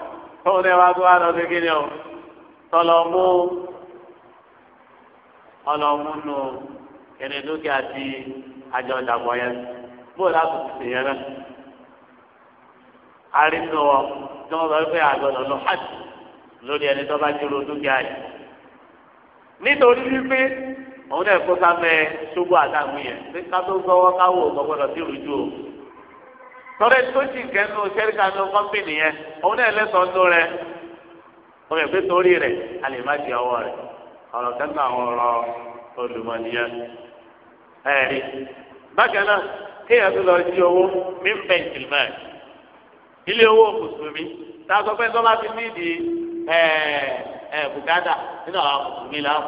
tóun náà wá tó wà lọ sí o tọ́lọ mú ọlọ́mú nù kẹ́ni dúkìá ti àjọ ìdàgbọ̀ yẹn bó láti ti ṣèyẹn náà arínú ọ tí wọ́n sọ pé àgọ́ lọ́lọ́ hàjì lórí ẹni tó bá jírò dúkìá yìí nítorí wípé òun náà kó sáfẹ́ ṣubú àtàwọn yẹn pé ká tó gbọ́wọ́ káwọ́ gbọ́gbọ́dọ̀ sí ìrújú o tọ́lẹ̀ tó sì kẹ́nu sẹ́ríkà ní kọ́mpìnì yẹn òun náà lẹ́sọ̀ọ́ tó rẹ o yẹ pé torí rẹ a lè má di ọwọ́ rẹ ọ̀rọ̀ kẹ́nu àwọn ọ̀rọ̀ olùmọ̀nìyàn ẹ̀rí bákan náà kéèyàn tó lọ sí owó mí pẹ̀ntìlmẹ̀ ilé owó mùsùlùmí tá a sọ pé tó bá ti ní ìdí bùkátà nínú àwọn mùsùlùmí làwọn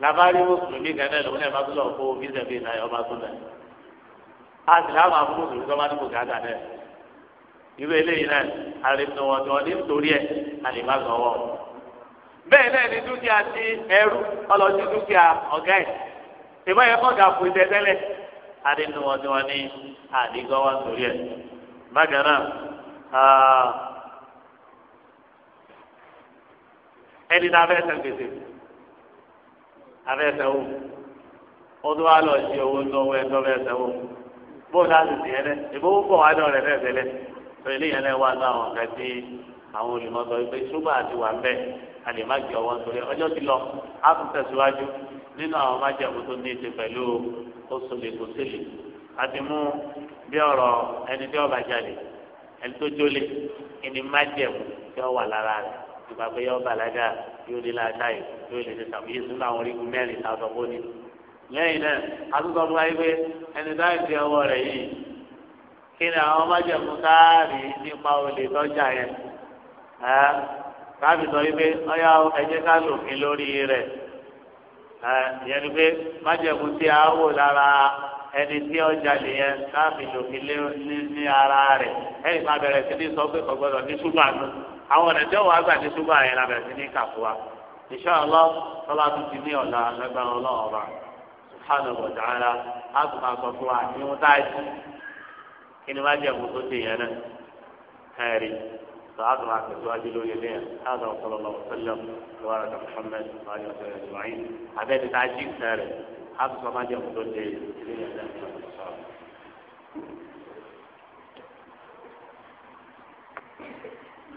labari mùsùlùmí gẹ́gẹ́ lòun náà bàtú lọ́wọ́ kó bísẹ̀bí náà yọ bàtú náà àti làwọn àwọn mùsùlùmí tó bá ní bùkátà náà irú eléyìí náà àrètò wọn tó ní nítorí ẹ àlèmá gbọ́wọ́ bẹ́ẹ̀ náà ní dúkìá sí ẹrú ọlọ́sí dúkìá ọ̀gá ẹ̀ ìbọn yẹn kọ́ ga fún iṣẹ́ tẹ́lẹ̀ àrètò wọn tó ní nítorí ẹ bákan náà ah, ẹni náà abẹ́sẹ̀ gbèsè abẹ́sẹ̀ wò ó tó wá lọ sí owó tó wọ ẹtọ́ abẹ́sẹ̀ wò bó láti tì ẹ́ dẹ́ ìbówó pọ̀ wá dọ̀rẹ́ náà tẹ́lẹ̀ tó ilé yẹn náà wá lọ àwọn kan tí àwọn olùmọ̀tọ́ pé ṣúgbà àti wà ń bẹ̀ a lè má jẹ ọwọ́ nítorí ọjọ́ ti lọ á tún tẹ̀síwájú nínú àwọn májẹ̀mú tó ní ti pẹ̀lú oṣù lè kò sílẹ̀ àti mú bí ọ̀rọ̀ ẹni tí ọba jáde ẹni tó jólè ẹni májẹ̀mú tí ó wà lára rẹ̀ nípa pé yọ bàlágà yóò lè láàdáì yóò lè tàbí yéṣu láwọn orígun mẹ́rin tá a sọ fún ni. lẹ́yìn náà àtúntò fún wáyé pé ẹni tá ìdí ọwọ́ rẹ̀ yìí kí ni àwọn májèmú káàrí nípa olè tọ́jà yẹn. káàbì sọ wípé ọyá ẹjẹ ká lòfin lórí rẹ̀ ìyẹn ni pé májèmú tí a wò lára ẹni tí ọjà lè yẹn káàbì lòfin ní ara rẹ̀ ẹ̀yìn máa bẹ̀rẹ̀ sí ní sọ pé kò ní ṣùgbọ́n àná. àwọn ọ̀nà ìjọba àgbà ní ṣùgbọ́n àyẹ̀ bẹ̀rẹ̀ sí ní kàfúwa ìṣọ́ọ̀lọ́ tọ́lá tún ti ní ọ̀la lágbára ọlọ́run ọba subhanahu wa ta'ala á tún máa sọ fún wa ní wọn táyì sí kí ni wọ́n jẹ́ ìwọ̀n tó ṣe yẹn náà ẹ̀rí سعد مع الأزواج الأولياء هذا صلى الله عليه وسلم وبارك محمد وعلى آله Thank you.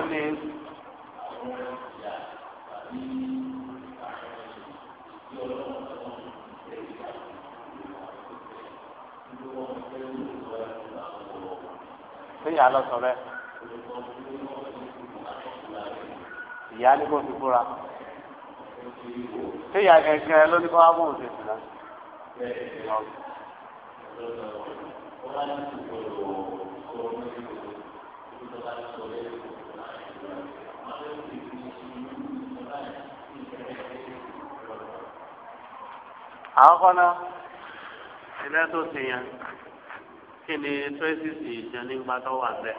ó lé. Séyà lọ sọ Ìyá ní kò fi fúra. Séyà gẹ́gẹ́ ló ní kó wá bóun ṣe náà. àwọn ilé tó ti yàn kí ni tracy jẹ nígbà tó wà bẹ́ẹ̀.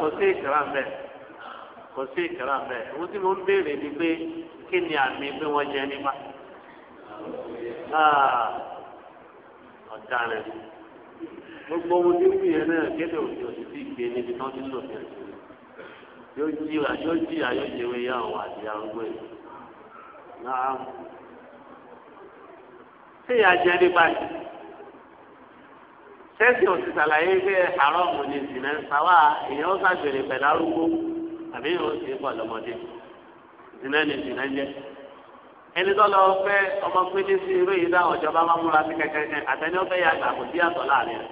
kò sí ìkìlá mbẹ kò sí ìkìlá mbẹ ohun tí mo ń béèrè ni pé kí ni àmì pé wọn jẹ nípa. Ah, ọ̀dà rẹ̀ gbogbo ohun tí wù yẹn náà kéde òjò òsì sí ìgbé níbi tán ti lò fẹ́ yóò jí yóò jí yóò jẹwé yá àwọn àti arúgbó yìí náà ṣé ìyá jẹ nípa yìí sẹ́sì òsì sàlàyé pé àrọ́ọ̀mù ni ìsìnlẹ̀ ń sáwà èèyàn ṣàgbèrè pẹ̀lú arúgbó àbí èèyàn pọ̀ lọ́mọdé ìsìnlẹ̀ ni ìsìnlẹ̀ ń jẹ́ ẹni tó lọ fẹ́ ọmọ pínlẹ sí irú yìí dáhùn ìjọba máa múra sí kẹkẹkẹ àtẹni ọfẹ yà gbà kò sí àtọ láàrin rẹ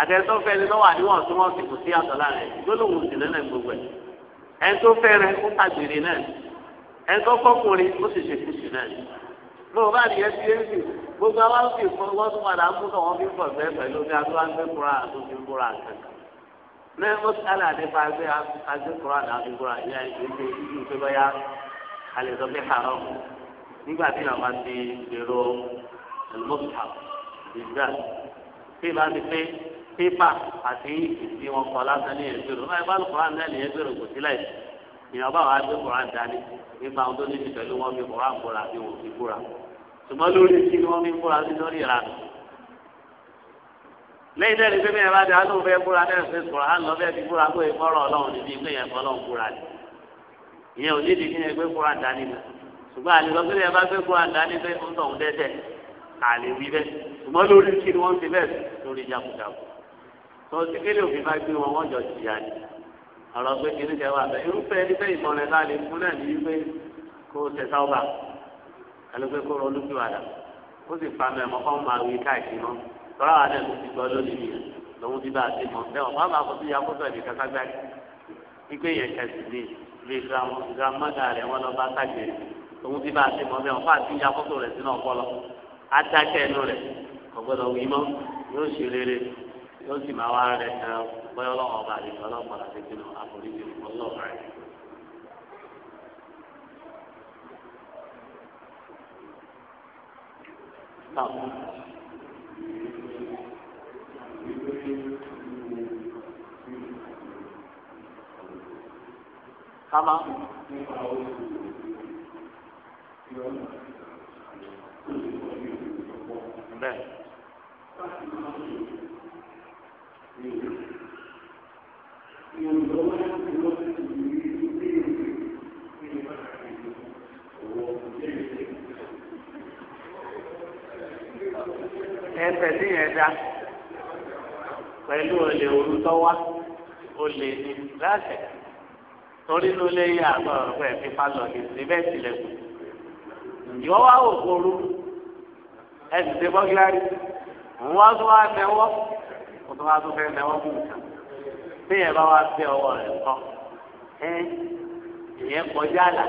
àtẹni tó fẹ́ ẹni tó wà níwọ̀n tí wọ́n sì kò sí àtọ láàrin rẹ gbólóhùn sì lẹ́nà gbogbo ẹ̀ ẹni tó fẹ́ rẹ ó tàgbèrè náà ẹni tó fọkùnrin ó sì ṣèkú sí náà mo bá rí ẹ sí èsì gbogbo àwọn sì fún wọn tún padà mú kàn wọn fi pọ̀ bẹ́ẹ̀ pẹ̀lú bí adó agbẹ́kura àti fífúra kankan ní mọ́sálà nípa nígbà tí àwọn ti dèrò ẹlòmọ́tà ìgbà tí ìbá ti pé pépà àti ìdí wọn kọ lásán ní ẹgbẹ̀rún ọmọ ìbá lùkọ́ àná ní ẹgbẹ̀rún kò sílẹ̀ ìyàn bá wàá gbé kóran dání nípa àwọn tó níbi pẹ̀lú wọn fi kóran kóra bí wọn fi kóra ṣùgbọ́n lórí kí ni wọ́n fi kóra sí lórí ìlànà lẹ́yìn náà ni pé bẹ́ẹ̀ bá dé alóhùn bẹ́ẹ̀ kóra náà fi kóra á bẹ́ẹ̀ fi kóra kó ìfọ́rọ̀ ọlọ́run níbi ìgbéyàwó ọlọ́run kóra ni ìyẹn ò ní ìdí kí ẹgbẹ́ kóra dání náà ṣùgbọ́n àlelọ́gbẹ́lẹ́ ẹ bá fẹ́ kó àdáni fẹ́ ń tọ̀hún dẹ́sẹ̀ àlè wí bẹ́ẹ̀ ṣùgbọ́n lórí kí ni wọ́n ti bẹ́ẹ̀ lórí jagunjagun tó ti kéde òfin bá gbé wọn wọ́n jọ jìyà ni ọ̀rọ̀ pé kí ni kẹ́ wà bẹ́ẹ̀ irúfẹ́ ẹni fẹ́ ìmọ̀ rẹ̀ láàlè fún náà ní wípé kó o tẹ̀sán ọba ẹlẹ́gbẹ́ kó ronú bí wàdà ó sì fa mẹ́mọ́ kọ́ máa wí káàkiri mọ́ tọ́lá wa náà ló ti rẹ̀ wọ́n lọ bá káàkiri tòun bí bá ṣe mọ bẹ́ẹ̀ ọ̀fọ̀ àti ìyá fọ́tò rẹ̀ sínú ọpọlọ adákẹ́ ẹnu rẹ̀ ọ̀gbọ́dọ̀ wí mọ́ yóò ṣe rere yóò sì máa wá rẹ̀ ẹ̀ bọ́yọ́ ọlọ́wọ́ ọba àti ọlọ́pàá àti ìpinnu àforíjì ọlọ́ọ̀bà rẹ̀. Come bẹ́ẹ̀. ẹsẹ̀ tí yẹn dá pẹ̀lú olè olùtọ́wá olè ní láṣẹ torí ló lé yá àgbọ̀rọ̀ pẹ̀ fífa lọ ní síbẹ̀ sílẹ̀kùn ìwọ wá òkú ooru ẹsì ṣe bọ́gíláàrí òun wá tó wá nẹwọ́ kó tó wá tó fẹ́ nẹwọ́ mú nǹkan bí ẹ bá wá tẹ ọwọ́ rẹ̀ kọ́ ẹ ìyẹn kọjá àlà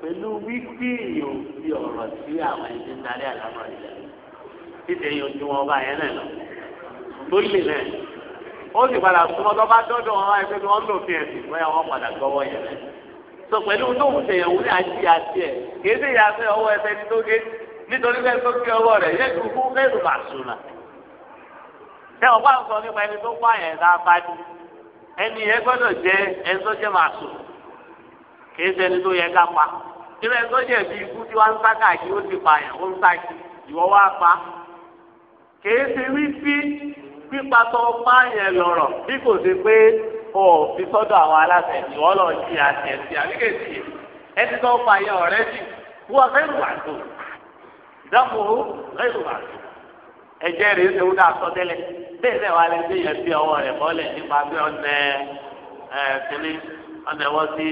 pẹ̀lú wípé èèyàn fi ọ̀rọ̀ sí àwọn ẹni darí àlámọ̀ ìlẹ̀ títẹ̀ èèyàn ju wọn bá yẹn náà lọ tó lè náà ó sì padà súnmọ́ tó bá dọ́dọ̀ wọn wáyé pé wọ́n lò fi ẹ̀sìn bóyá wọ́n padà gbọ́wọ́ yẹn náà sọ pẹ̀lú tó ń ṣe ìyàwó ní àti àti ẹ̀ kìí ṣe ìyàfẹ́ ọwọ́ ẹsẹ̀ ní tó gé nítorí fẹ́ tó gé ọwọ́ rẹ̀ yẹ kú fún fẹ́rù màṣúnà. ṣé ọ̀pá ń sọ nípa ẹni tó kọ́ àyẹ̀ náà bá dé ẹni yẹn gbọ́dọ̀ jẹ́ ẹni tó jẹ́ màṣù kìí ṣe ẹni tó yẹ ká pa irú ẹni tó jẹ́ bí ikú tí wọ́n ń sá káàkiri ó ti pààyàn ó ń sá kí ìwọ́ wá pa kìí ṣe wí sí pípa tó pààyàn lọ̀rọ̀ bí kò ṣe pé o fi sọ́dọ̀ àwọn aláṣẹ ìwọ lọ sí àṣẹ sí àríkèsí ẹni tó fa yẹ ọ̀rẹ́ jù wọ́n fẹ́ lù àdó ìdáhùn fẹ́ lù àdó ẹ̀jẹ̀ rẹ̀ ṣe wúdà sọ́tẹ́lẹ̀ bẹ́ẹ̀ bẹ́ẹ̀ wà lẹ́sẹ̀ yẹn fi ọwọ́ rẹ̀ bọ́lẹ̀ nípa bí ọ̀nẹ́ ẹ̀ẹ́dẹ́lẹ́ ọ̀nẹ́ wọ́n sí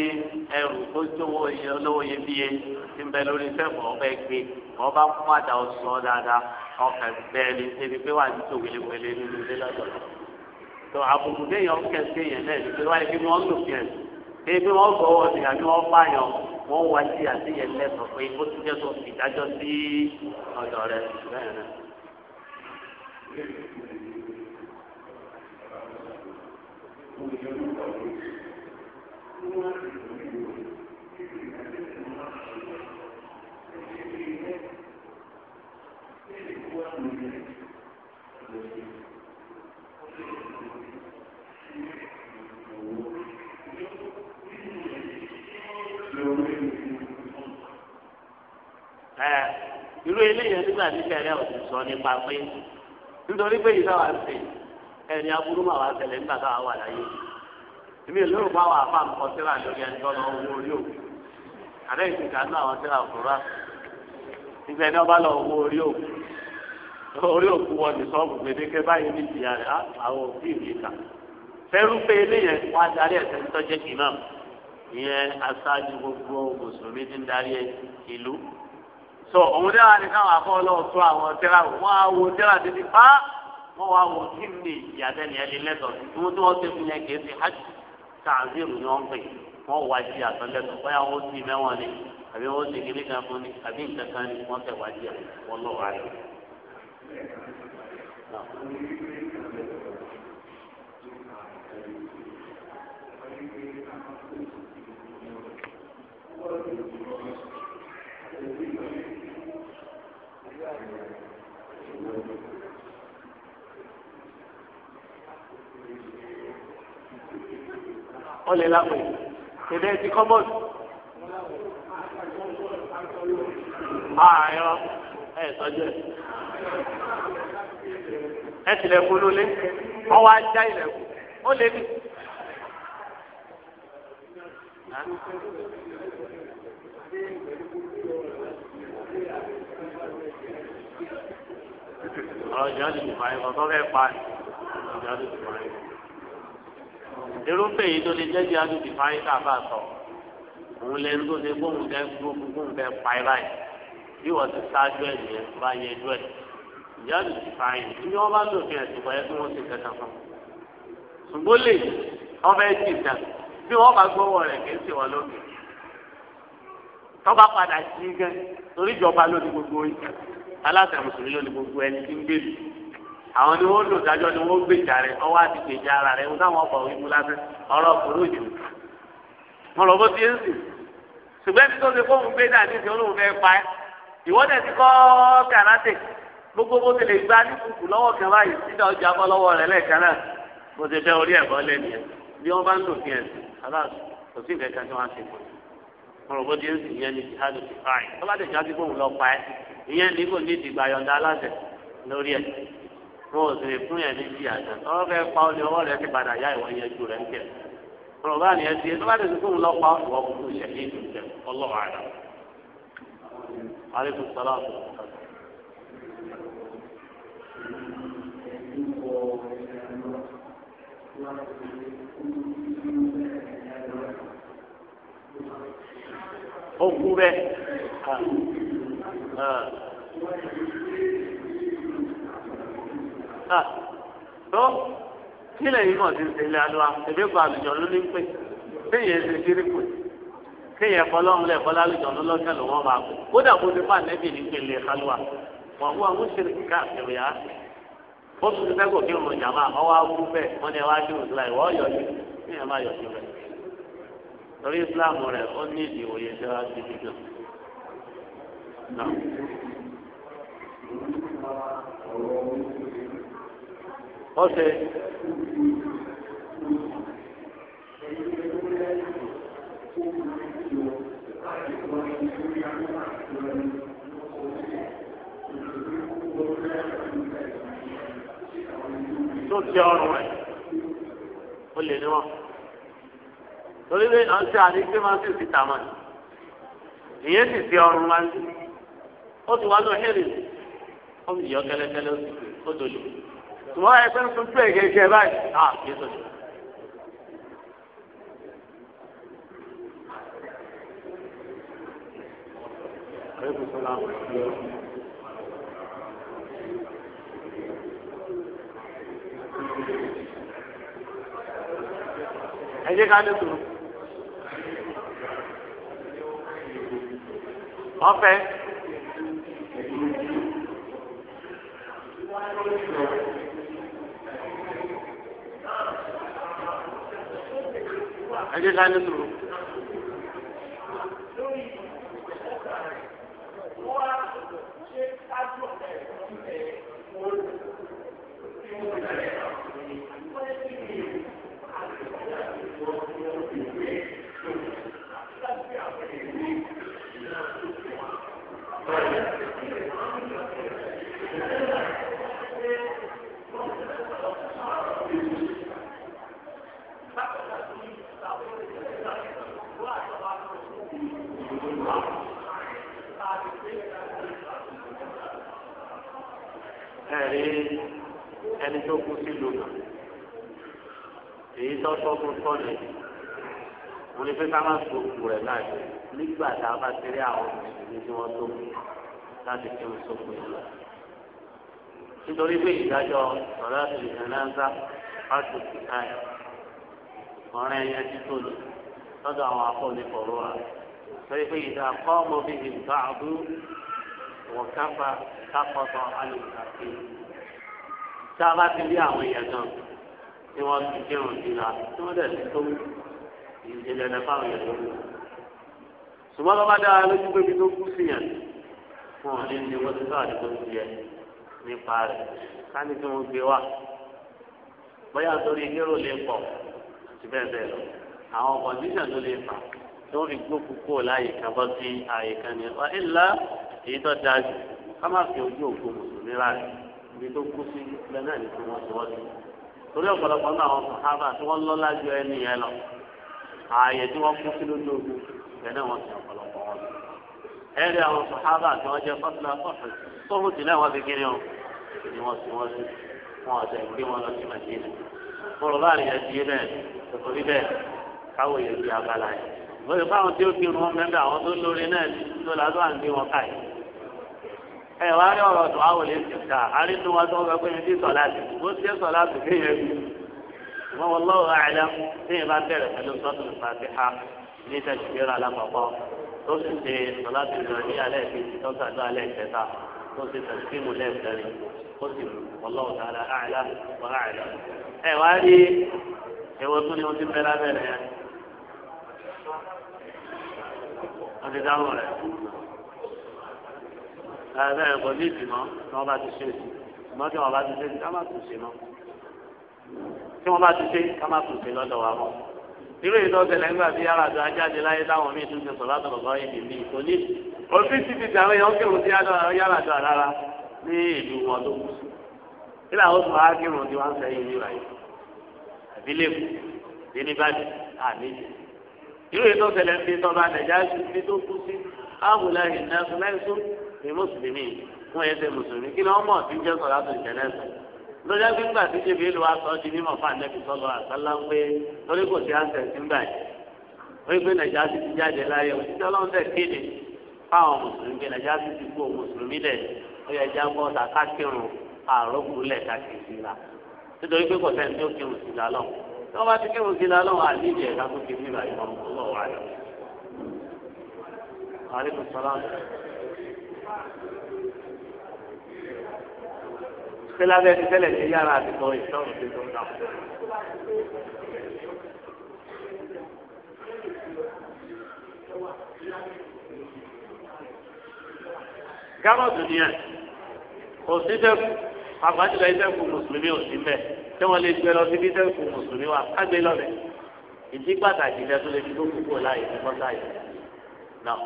ẹrù tó jówó olówó yẹn bíye ti ń bẹ lórí fẹ́ẹ̀mù ọ̀bẹ gbé wọ́n bá fún àdá ọ̀sán dáadáa ọkàn bẹ́ẹ̀ ni ebi pé wà ní tòwélewéle nínú ilé lọ́dọ̀ọ́ tó àbùkù déèyàn kẹsí èèyàn náà ní pé wáyé bí wọ́n lò fi ẹ̀sìn ebi wọn gbọwọ ni àbí wọn fààyàn wọn wá sí àtìyẹn lẹsọ pé ó ti jẹ sọ ìdájọ́ sí ọ̀dọ̀ rẹ̀ bẹ́ẹ̀ rẹ̀. Thank you. ẹ irú eléyìí nígbà tí kẹrẹ ò ti sọ nípa pé nítorí pé yìí táwa ṣe ẹni aburú máa wá ṣẹlẹ̀ nígbà táwa wà láyé èmi lóò bá wà fáà ń kọ síra lórí ẹni tó lọ wọ orí òkú àdé ìsìnká náà àwọn síra òkúra ìgbà ẹni ọba lọ wọ orí òkú orí òkú wọn ní sọ́ọ̀bù gbèdéke báyìí ní ìyá rẹ̀ ah, àwọn òkú ìlú kà fẹ́rú pé eléyẹn wá darí ẹ̀sẹ̀ ń tọ́jú náà ìyẹn aṣáájú gbogbo mùsùlùmí ti ń darí ìlú so òun dẹ́wà ní káwọn afọ ọlọ́wọ́ àwọn tẹ́lá wọn á wo tẹ́lá títí pa wọn wá wo kí ni ìyàtẹ́ni ẹni lẹ́tọ̀ tí wọ́n ti fún yẹn kì í ti hajj tààzírù ni wọ́n pè wọ́n wá sí àtọ́lẹ́tọ̀ bóyá wọ́n ti mẹ́wọ̀n ni àbí wọ́n ti kiri kan fún ni àbí nǹkan kan ni wọ́n tẹ̀ wá sí àwọn ọlọ́wọ́ rẹ̀. Thank you. wọ́n lè lápò tẹ̀lé ti kọ́bọ̀dù. ààyọ ẹ sọjọ ẹ tilẹ̀kùn lólé wọ́n wá já ilẹ̀kùn ó lé ní. ọ̀rọ̀ ìjọ́lù ìfàyè kan tó fẹ́ pa ìjọ́lù ìfàyè. irúfẹ́ yìí tó lè jẹ́ bí adùn lè ń tó ṣe gbóhùn fẹ́ gbóhùn fẹ́ pa bí wọ́n ti ṣáájú ẹ̀ nìyẹn bá yẹ ẹjọ́ ẹ̀ ìjọ́lù ìfàyè tí wọ́n bá lòfin ẹ̀sìn pẹ̀lú tí wọ́n ti kẹta fún ṣùgbọ́n lè wọ́n fẹ́ jì ìjà bí wọ́n bá gbọ́wọ́ rẹ̀ kì í ṣèwọ́ lókè tọ́ba padà sí gẹ́ torí ìjọba lónìí gbogbo yìí aláṣẹ mùsùlùmí ló ní gbogbo ẹni tí ń gbèlú àwọn ni wọn lò dájọ́ ni wọn gbèjà rẹ ọwọ́ àti gbèjà ara rẹ wọn táwọn ọkọ wíwú lásán ọ̀rọ̀ kúrò jù wọn lọ bó ti ń sìn ṣùgbọ́n ẹni tó ṣe fóun gbé dà níṣẹ́ olóhùn fẹ́ pa ẹ́ ìwọ́dẹ̀ ti kọ́ karate gbogbo bó ti lè gbá ní kùkù lọ́wọ́ kan báyìí síta ọjà bọ́ lọ́wọ́ rẹ lẹ́ẹ̀kan náà bó ti fẹ́ orí ẹ̀kọ́ lẹ́nu yẹn bí wọ́n bá ń lò fi ẹ̀sìn aláàbò kò sí ìfẹ́ kan tí wọ́n á ṣe fún un wọn lọ bó ti ń sìn yẹn ní jihadu ti fáyìn tó bá lọ pa ẹ́ ìyẹn ní kò ní ìdìgbà yọ̀ǹda aláṣẹ lórí ẹ̀ wọn ò sì lè fún yẹn ní ti àṣẹ ọ̀rọ̀ fẹ́ pa ọ́ ní ọwọ́ rẹ ti padà yá ìwọ yẹn ju rẹ̀ ń kẹ̀ ọ̀rọ̀ bá nìyẹn ti tó bá ti sùkúrù lọ pa ọ̀rọ̀ kúkú ìṣẹ̀lẹ̀ ìlú jẹ ọlọ́wọ́ àdá. aleykum salaam. ó kú bẹ́ẹ̀. Ah. Ah. tó kílẹ̀ yìí mọ̀ sí ilé alúwa ẹ̀mí kọ àlùjọ ló ní ń pè kéèyàn ṣe kiri pè kéèyàn fọlọ́run lẹ̀ fọlá àlùjọ ló lọ́kẹ́ ló wọ́n máa pè kódà kó ti pàṣẹ bí ní pèlè alúwa wọ́n wọ́n àwọn ṣe káàkiri yá ó tún ti fẹ́kọ̀ọ́ kí ọmọ ìjàmbá ọwọ́ awú bẹ́ẹ̀ wọ́n ní ẹ wá sí òṣùlá ìwọ́ ọ̀yọ́ yìí kéèyàn má yọ̀ sí rẹ̀ torí Islam rẹ̀ ó ní ìdí òye ṣẹ́wá sí wọ́n ṣe. tó ti ọrùn rẹ̀ ó lè ní wọn torí pé ọ̀sẹ̀ àdéhùn máa ń sì ti tà ìyẹn sì ti ọrùn máa ń sì ó ti wá lọ hẹ́rì ó ti yọ kẹlẹkẹlẹ ó tó lò tùmọ̀ ẹ fẹ́ fún pé gẹ́gẹ́ báyìí à kí tó ẹ jẹ́ ká ní sùn. ọ̀fẹ́. ẹjẹ nínú rí ẹni tó kú sí lùmọ̀ èyí tó tọ́ fún tọ́lẹ̀ mo ní pé ká má so òkú rẹ̀ náà nígbà tá a bá ti rí àwọn mùsùlùmí tí wọ́n tó kú láti kí n so òkú lọ. nítorí pé ìdájọ́ ọ̀rẹ́ àti ìdánáńsá pàṣẹ kìkáyà ọ̀rẹ́ ẹ̀yẹ títò lò lọ́dọ̀ àwọn akọ́ni kọ̀ọ̀rọ̀ wa. torí pé ìdá kọ́ ọmọ bíi ìgbà àbúrò wọ̀káfà kápọ̀tọ̀ alùpàpì. tá a bá ti rí àwọn èèyàn náà tí wọ́n ti kírun síra tí wọ́n dẹ̀ ti tó ìdílé ẹ̀ fáwọn èèyàn lórí. ṣùgbọ́n bá bá dára lójú pé ibi tó kú sí yẹn fún ọ̀ní ni wọ́n ti sáà tó ti yẹ nípa rẹ̀ ká ní kí wọ́n gbé wá. bóyá torí lérò lè pọ̀ àti bẹ́ẹ̀ bẹ́ẹ̀ lọ àwọn kọ̀ǹdíṣàn ló lè fà tó fi gbókùú láyè kan sí àyè kan ní ọ̀ èyí tó da ká má fi ojú òkú mùsùlùmí láàyè ibi tó kú sí lẹ́nu ẹ̀ ní kí wọ́n ti wọ́n ti torí ọ̀pọ̀lọpọ̀ náà àwọn sàhábà tí wọ́n lọ́lá ju ẹni yẹn lọ ààyè tí wọ́n kú sí lójú òkú lẹ́nu wọn ti ọ̀pọ̀lọpọ̀ wọn. ẹ̀rí àwọn sàhábà tí wọ́n jẹ́ fọ́tìlá fọ́tìlá tó hù sílẹ̀ wọ́n ti kiri wọn ni wọ́n ti wọ́n sí wọn ọ̀sẹ̀ gbé wọn lọ sí màdínà. bọ́lọ̀ báyìí yẹn ti bẹ́ẹ̀ torí bẹ́ẹ̀ káwọ̀ yẹn ti abala yẹn. lórí fáwọn tí ó kírun wọn mẹ́ta àwọn tó lórí náà tó lásán à wọn káyìí. ẹ wá rí ọ̀rọ̀ tó àwọn olè ti ta àrínú wa tó wọ́n fẹ́ pé ní sọ̀lá ti bó ṣe tí ní tó sì ṣe lọ ní alẹ́ tó alẹ́ tó sì ó sì ẹ wá rí tó ní o ti ẹ̀rẹ́ ẹ̀kọ́ ní ìdìmọ́ tí wọ́n bá ti ṣe èsì ìmọ̀ tí wọ́n bá ti ṣe èsì ká má tún ṣe mọ́ tí wọ́n bá ti ṣe ká má tún ṣe lọ́dọ̀ wa mọ́. irú ìdọ́sẹ̀lẹ̀ ńgbà tí yàrá àjọ ajáde láyé táwọn míì tún ṣe sọ̀rọ̀ àtọ̀lọ́gbọ́ ìdì mí kò ní. òfin ti fi tàwọn èèyàn kírun sí yàrá àjọ àrárá ní ìlú wọn tó kù sí. ilé àwọn oṣù wa tí wọ́n ń sẹ́yìn ní ìwàyè ní mùsùlùmí fún ẹsẹ̀ mùsùlùmí kí ni wọ́n mọ̀ sí jẹ́ sọ̀rọ̀ àti ìjẹ́lẹ̀ ẹ̀sẹ̀ lójá pé ńgbà tí ṣe bíi lu aṣọ di mímọ̀ fún àlẹ́bí sọ́lọ́ àṣálá ń pé torí kò sí àǹtẹ̀ sí ńgbà yìí wọ́n gbé nàìjíríà ti ti jáde láyé òṣìṣẹ́ ọlọ́run dẹ̀ kéde fáwọn mùsùlùmí pé nàìjíríà ti ti kú mùsùlùmí dẹ̀ ó yẹ já bọ́ ta kákìrùn àròkùnlẹ̀ kákìrì la nítorí pé kò sẹ́ni tó kírun sí la lọ́wọ́ tí wọ́n bá ti kírun sí la lọ́wọ́ àlejò ẹ̀ká tó kí sílábẹ́ ti tẹ́lẹ̀ ní yàrá àtìkọ́ ìsọ́run ti tó ń dà. gárọ̀tù ni ẹ̀ kò sí sẹ́kù àgbájúlọ ìsẹ́kù mùsùlùmí ò sí mẹ́ tí wọ́n lè gbé lọ síbi ìsẹ́kù mùsùlùmí wa kágbé lọ́lẹ̀ ìdí pàtàkì lẹ́tọ́ lè fi tó kúkú láàyè ní bọ́tà yìí náà.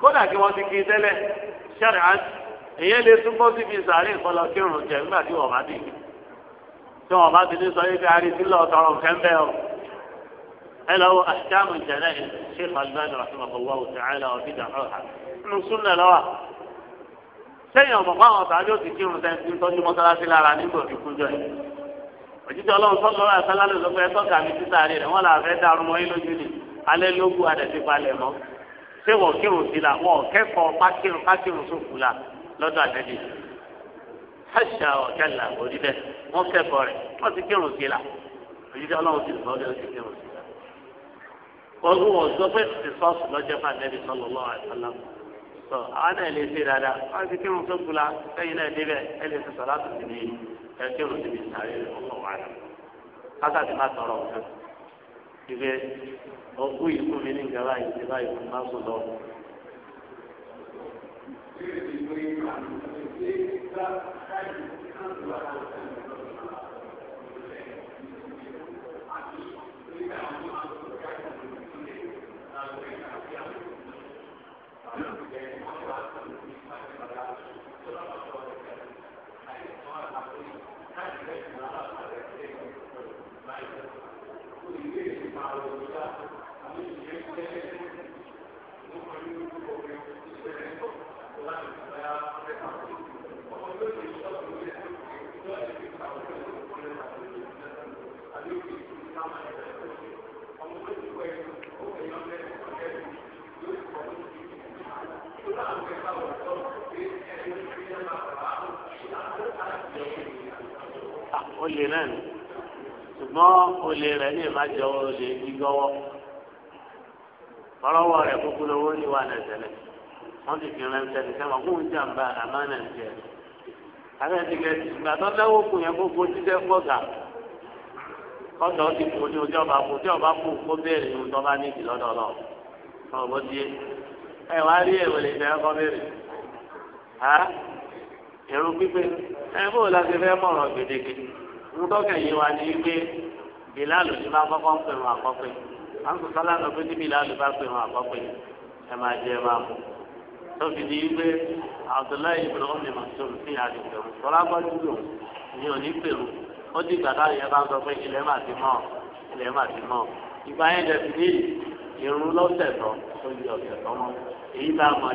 kódà kí wọ́n ti kí tẹ́lẹ̀ ṣẹ́rẹ̀ á èyàn lè túbọ̀ síbi sàárè ìfọlọ kírun jẹ nígbà tí wọ́n bá tí wọ́n bá ti ní sọ o ẹ lọ wo àṣìkáàmù ìjẹ̀lẹ̀ Sheikh Al-Albani rahimahullah ta'ala ọ̀fi dàrọ́ha nù súnlẹ̀ lọ́wọ́ sẹ́yìn ọ̀mọ̀ mọ́sálásí lára nígbà yìí òjijì ọlọ́run pé wọ́n kírun sí la wọ́n kẹ́kọ̀ọ́ pákírun pákírun sókù la lọ́dọ̀ àtẹ́bí ṣàṣà ọ̀kẹ́là òdìdẹ wọ́n kẹ́kọ̀ọ́ rẹ̀ wọ́n ti kírun sí la òdìdẹ ọlọ́run ti sọ ọ́ ti kírun sí la. ọdún wọn sọ pé ti sọ́ọ̀sì lọ́jọ́ fún àtẹ́bí sọ́lọ́ lọ́wọ́ àtàlá sọ àwọn náà lè ṣe dáadáa wọ́n ti kírun sókù la sẹ́yìn náà débẹ̀ ẹ lè ṣe sọ láti ìgbẹ́ òkú yìí fún mi ní nǹkan báyìí ti báyìí fún Thank you. Ah, ó lè náà ṣùgbọ́n olè rẹ̀ lè má jẹ́ olè gbígbọ́wọ́ ọlọ́wọ́ rẹ̀ kúkú lówó ní wà lẹ́sẹ̀lẹ̀ wọ́n ti fi ránṣẹ́ ní sẹ́wọ̀n kó ń jàǹbá àmọ́ nà ń jẹ́ àbẹ́ ti kẹ́ ìgbà tó dáwọ́ kù yẹn gbogbo jíjẹ́ pọ̀gà kọ́tà ó ti kú ní ojú ọba kú tí ọba kú kó béèrè ní ọba ní ìlú ọ̀dọ̀ lọ ọ̀bọ̀ tiẹ̀ ẹ wá rí èrò lè fẹ́ kọ́ béèrè pípé ẹ bó láti fẹ́ mọ̀ràn gbèdéke ńdọ́kẹ̀ yìí wá ní pé bìláàlù ti máa kọ́kọ́ ń pèrò àkọ́pẹ́ à ń sọ sọ́lá lọ pé ní bìláàlù bá pèrò àkọ́pẹ́ ẹ máa jẹ ẹ máa mú tóbi ní pé Abdullahi ibn Ummi Maktum fi àdì pèrò sọlá gbọ́dọ̀ lòun ní òní pèrò ó di gbàdá yẹn bá ń sọ pé ilẹ̀ máa ti mọ́ ilẹ̀ máa ti mọ́ ìgbà yẹn dẹ̀ fi ní irun lọ́sẹ̀ tọ́ tó di ọ̀sẹ̀ tọ́ mọ́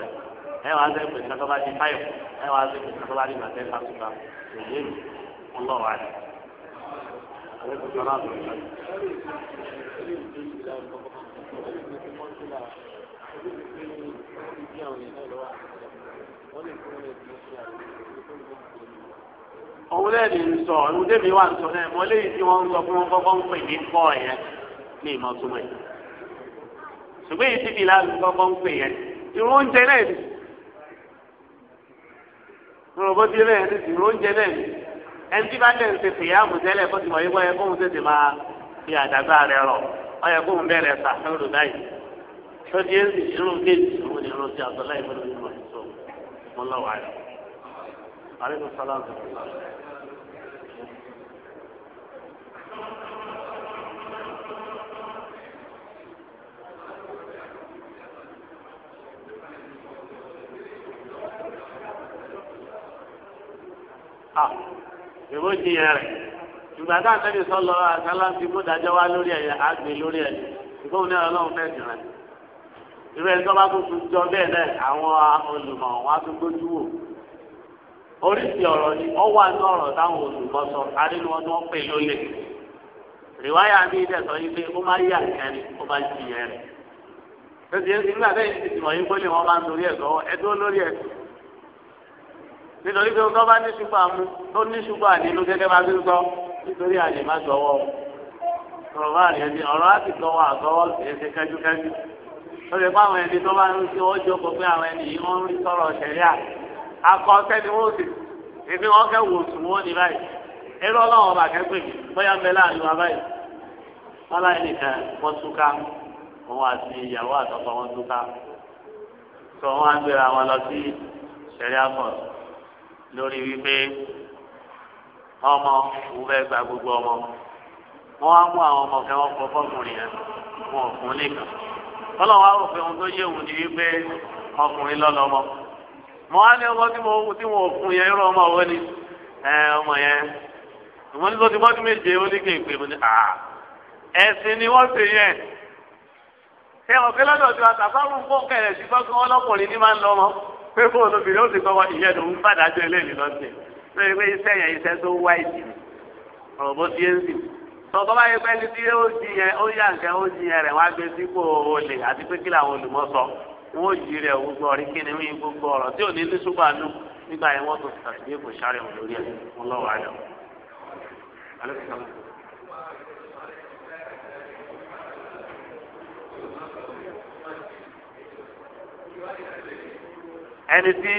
èyí ẹ wàá sẹ pé nǹkan tó bá di fáìfù ẹ wàá sẹ pé nǹkan tó bá di màtẹ fásitì òye mi ọlọ́wà ni. òun lẹ́ẹ̀ni ń sọ ọ̀run débi wà ń sọ náà mọ léyìí tí wọ́n ń sọ fún wọn kọ́kọ́ ń pè ní kọ́ yẹn ní ìmọ̀túnmọ̀ yìí ṣùgbọ́n èyí tí bìlá ń kọ́kọ́ ń pè yẹn irun oúnjẹ náà rògbò tí lẹ́yìn ti ti lóúnjẹ náà ni ẹni tí bá tẹ̀ ń tètè yá àmù tẹ́lẹ̀ kó ti mọ̀ yíwọ́ yẹ kóhun tètè máa fi àdàgbà rẹ̀ rọ̀ ọ yẹ kóhun bẹ̀rẹ̀ sàfẹ́rù báyìí tó di èsì irun kéèjì òun ni irun ti àtọ́ láì fún mi mọ̀ tó mọ́ lọ́wọ́ àyè. aleykum salaam. Ah, èwo jiyàn rẹ̀ ìgbà tá àtẹ́bí sọ́lọ́ àtàlà ti mú dájọ́ wá lórí ẹ̀yà àgbè lórí ẹ̀ ìfowópamọ́ ní ọlọ́run fẹ́ẹ́ jọ bẹ́ẹ̀ náà àwọn olùmọ̀ wọn á gbójú wò oríṣi ọ̀rọ̀ ni ọ wà ní ọ̀rọ̀ táwọn sọ wọn ni wọ́n pè lólè rìwáyà mi pé ó máa yà ó máa rẹ̀ bẹ́ẹ̀ ti tìmọ̀ yín pé nítorí pé tó bá ní ṣùgbọ́n àmú tó ní ṣùgbọ́n ànílú gẹ́gẹ́ bá ti ń sọ nítorí àyè má gbọ́wọ́ ọ̀rọ̀ bá rẹ̀ ni ọ̀rọ̀ á ti gbọ́wọ́ àgọ́wọ́ kìí ṣe kẹ́júkẹ́jú ó lè pa àwọn ẹni tó bá ń ṣe ó jókòó pé àwọn ẹni yìí wọ́n ń rí sọ̀rọ̀ ṣẹ̀ríà akọ sẹ́ni wọ́n sì èmi wọ́n kẹ́ wò sùn wọ́n ní báyìí eré ọlọ́wọ́n bá kẹ́pẹ́ mi bóyá bẹ́ẹ̀ láàrin wa báyìí wọ́n láì nìkan wọ́n túká òun àti ìyàwó àtọ́kọ wọn túká sọ wọn á gbéra wọn lọ sí ṣẹ̀ríà pọ̀ sí. lórí wípé ọmọ òun fẹ́ gbogbo ọmọ wọ́n á mú àwọn ọmọ fẹ́ fọ yẹn wọn ò nìkan ọlọ́run á ofe ohun tó yé òun ni ọkùnrin mọ á ní ọmọ tí mo tí wọn ò ọmọ òwe ni ọmọ yẹn ìwọ ní tó ti ó ní kí n pè mí ní ẹ̀sìn ni wọ́n ṣe yẹn ṣé ọ̀kẹ́ lọ́dọ̀ tí wọ́n fún pé fún olóbìnrin ó sì gbọ́ ìyẹn ló ń padà eléyìí lọ́sẹ̀ lórí pé iṣẹ́ yẹn iṣẹ́ tó wá ìdì ọ̀rọ̀ bó ti ń sìn. tọ́kọ́ bá yẹ pé ní tí ó di yẹn ó yà nǹkan ó di yẹn rẹ̀ wá gbé sípò olè àti pé kí làwọn olùmọ̀sọ wọn ò jí rẹ̀ gbogbo ọ̀rí kí ni wọ́n gbogbo ọ̀rọ̀ tí ò ní ní súpàánù nígbà yẹn wọ́n tó tàbí kò sáré wọn lórí ẹ̀ wọn lọ́wọ́ àyọ̀. ẹni tí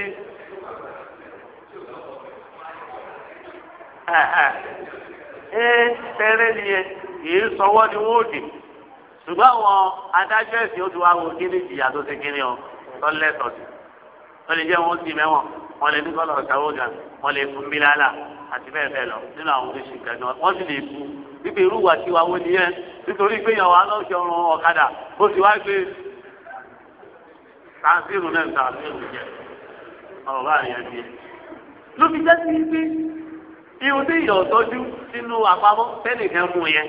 ee tẹ́lẹ̀ ni yẹ kìí sọwọ́ ni wọ́n dì ṣùgbọ́n àwọn adájọ́ ẹ̀sìn ó ti wá wo kíni ìjìyà tó ṣe kíni ọ tọ́lẹ́tọ̀ sí wọ́n lè jẹ́ wọ́n ti mẹ́wọ̀n wọ́n lè ní kọ́lọ̀ ṣàwọ́ gan wọ́n lè fún bílálà àti bẹ́ẹ̀ bẹ́ẹ̀ lọ nínú àwọn oríṣi ìgbàgbọ́ wọ́n sì lè fún wípé irú wà tiwa wo nìyẹn nítorí pé ìyàwó alọ́ṣọ ọ̀run ọ̀kadà ó ti wá gbé tàǹsírù náà tàǹsírù jẹ́ ọ̀rọ̀ bá yẹn di. ló fi jẹ́ sí pé ihun tí ìyọ̀ tọ́jú sínú àpamọ́ tẹ́nìkan mú yẹn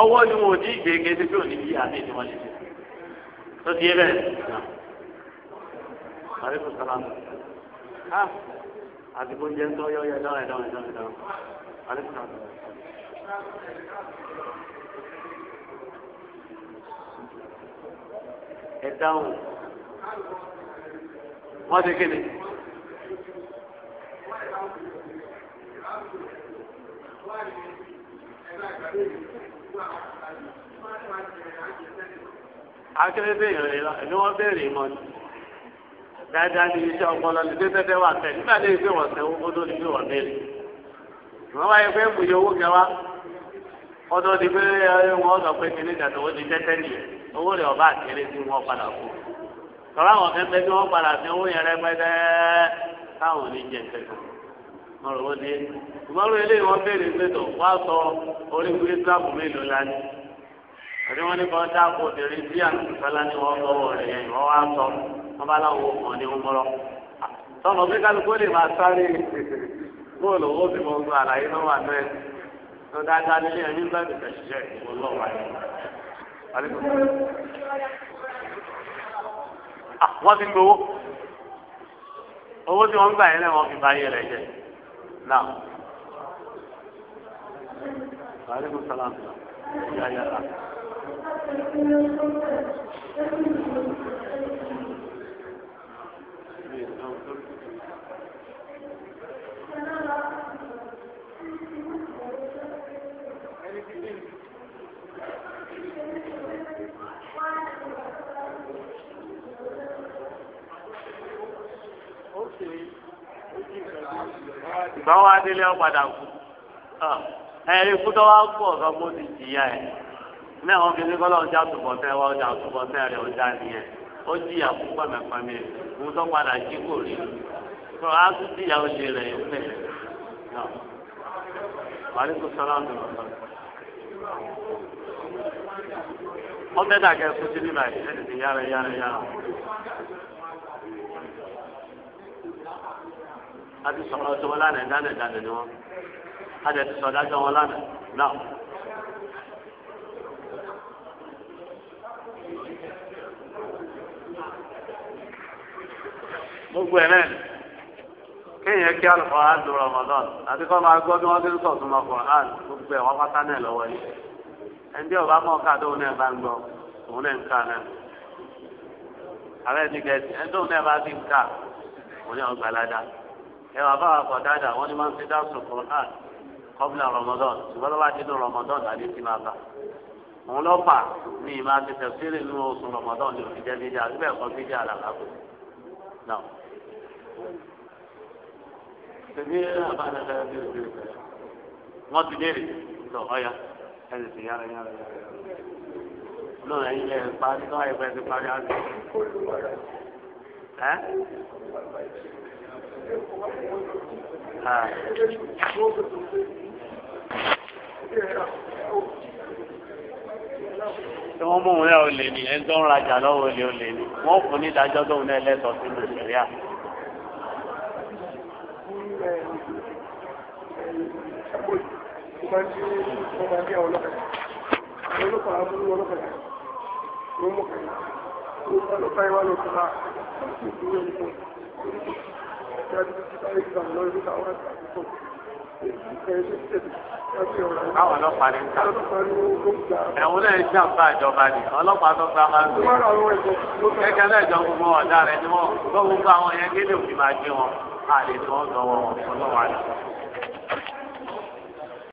ọwọ́ ni wọn ò ní ìgbé gẹ́gẹ́ bí òní bí àmì ni wọ́n ṣe. tó ti yé bẹ́ẹ̀. àríkù sálámù. àti bó jẹ́ ń tọ́ yọ yẹ dáhùn ẹ̀dáhùn ẹ̀dáhùn ẹ̀dáhùn. àríkù sálámù. ẹ̀dáhùn. wọ́n ti kéde. akéré béèrè rẹ ẹni wọn béèrè mọ ni dáadáa ní iṣẹ́ ọpọlọ ní pé tẹtẹ wà tẹ nígbà tí ìgbé tó ní wáyé pé mú iye owó pé sọ pé táwọn oníjẹ ń tẹ̀sán ọ̀rọ̀ wọn ni ìmọ̀ràn eléyìí wọ́n béèrè pẹ̀tọ̀ wá sọ orígun islam mélòó lánìí àti wọn ní kan dáàbò obìnrin tí àtúntàlá ni wọn lọ́wọ́ rẹ̀ yẹn wọ́n wá sọ wọn bá láwọn ní bí kálukú lè máa sáré bóòlù owó bí mo gbọ́ àlàyé náà wà náà tó dáadáa nílé ẹni bá mi ṣiṣẹ́ ìwọ lọ́wọ́ àyè ah, wọ́n ti gbowó. owó tí wọ́n gbà yẹn lẹ́wọ̀n fi báyé rẹ̀ jẹ́ náà. Aleykum salaam. Ya ya la. ìgbà wa délé ọ padà kú ẹ̀rí kútọ́ wa pọ̀ ọ̀gá bó ti jìyà ẹ̀ ní àwọn kìíní kọ́lá ọjà àtúbọ̀tẹ́ wa ọjà àtúbọ̀tẹ́ rẹ̀ ọjà nìyẹn ó jìyà fún tó padà jí kò rí tún jìyà ó a ti sọ̀rọ̀ tó wọn lánàá dáná dáná ni wọn a ti sọ̀rọ̀ dájọ́ wọn lánàá náà. gbogbo ẹ̀ náà kéèyàn kí alùpùpù á dùn Ramadan àti kọ́ máa gbọ́ bí wọ́n ti ń sọ̀ tún ma kọ̀ á gbogbo ẹ̀ wọ́n pátá náà lọ́wọ́ yìí ẹni tí ọba mọ̀ ká tóun náà bá ń gbọ́ òun náà ń náà ààrẹ gẹ̀ẹ́sì ẹni tóun náà bá ti ń ká òun náà ń gbalada ẹwà bá wà kọ̀ dáadáa wọ́n ní máa ń ṣe dáàsùn Qur'an kọ́bílà Ramadan ṣùgbọ́n tó bá ti dùn Ramadan àdé ti máa bá òun lọ fà ní ìmọ̀ àti tẹ̀síìrì nínú oṣù Ramadan ní òfin jẹ́ bíjà àbí bẹ́ẹ̀ kọ́ bíjà àlàkàkù náà. ṣèbí àbájáde ti dé rè lọ ọ̀ya ẹ̀sìn ti yára yára yára lọ́nà yìí lẹ́yìn parí náà ẹgbẹ́ ti parí àgbẹ̀ tí wọ́n mú òun náà ó lè ní ẹni tó ń rajà lọ́wọ́ olè ó lè ní wọ́n fún ní ìdájọ́ tóun náà lẹ́tọ̀ọ́ sínú ìṣẹ̀ríà. Thank you. Àwọn ọlọ́pàá ní ta. Ẹ̀wọ̀n náà jẹ́ àbá ìjọba ni. Ọlọ́pàá tó gba máa ń gbé. Kẹ́kẹ́ náà jọ gbogbo ọ̀daràn ni wọ́n. Gbọ́ gbogbo àwọn yẹn gélé òfin máa gbé wọn. Àlè ni wọ́n sọ wọn ọlọ́wà ni.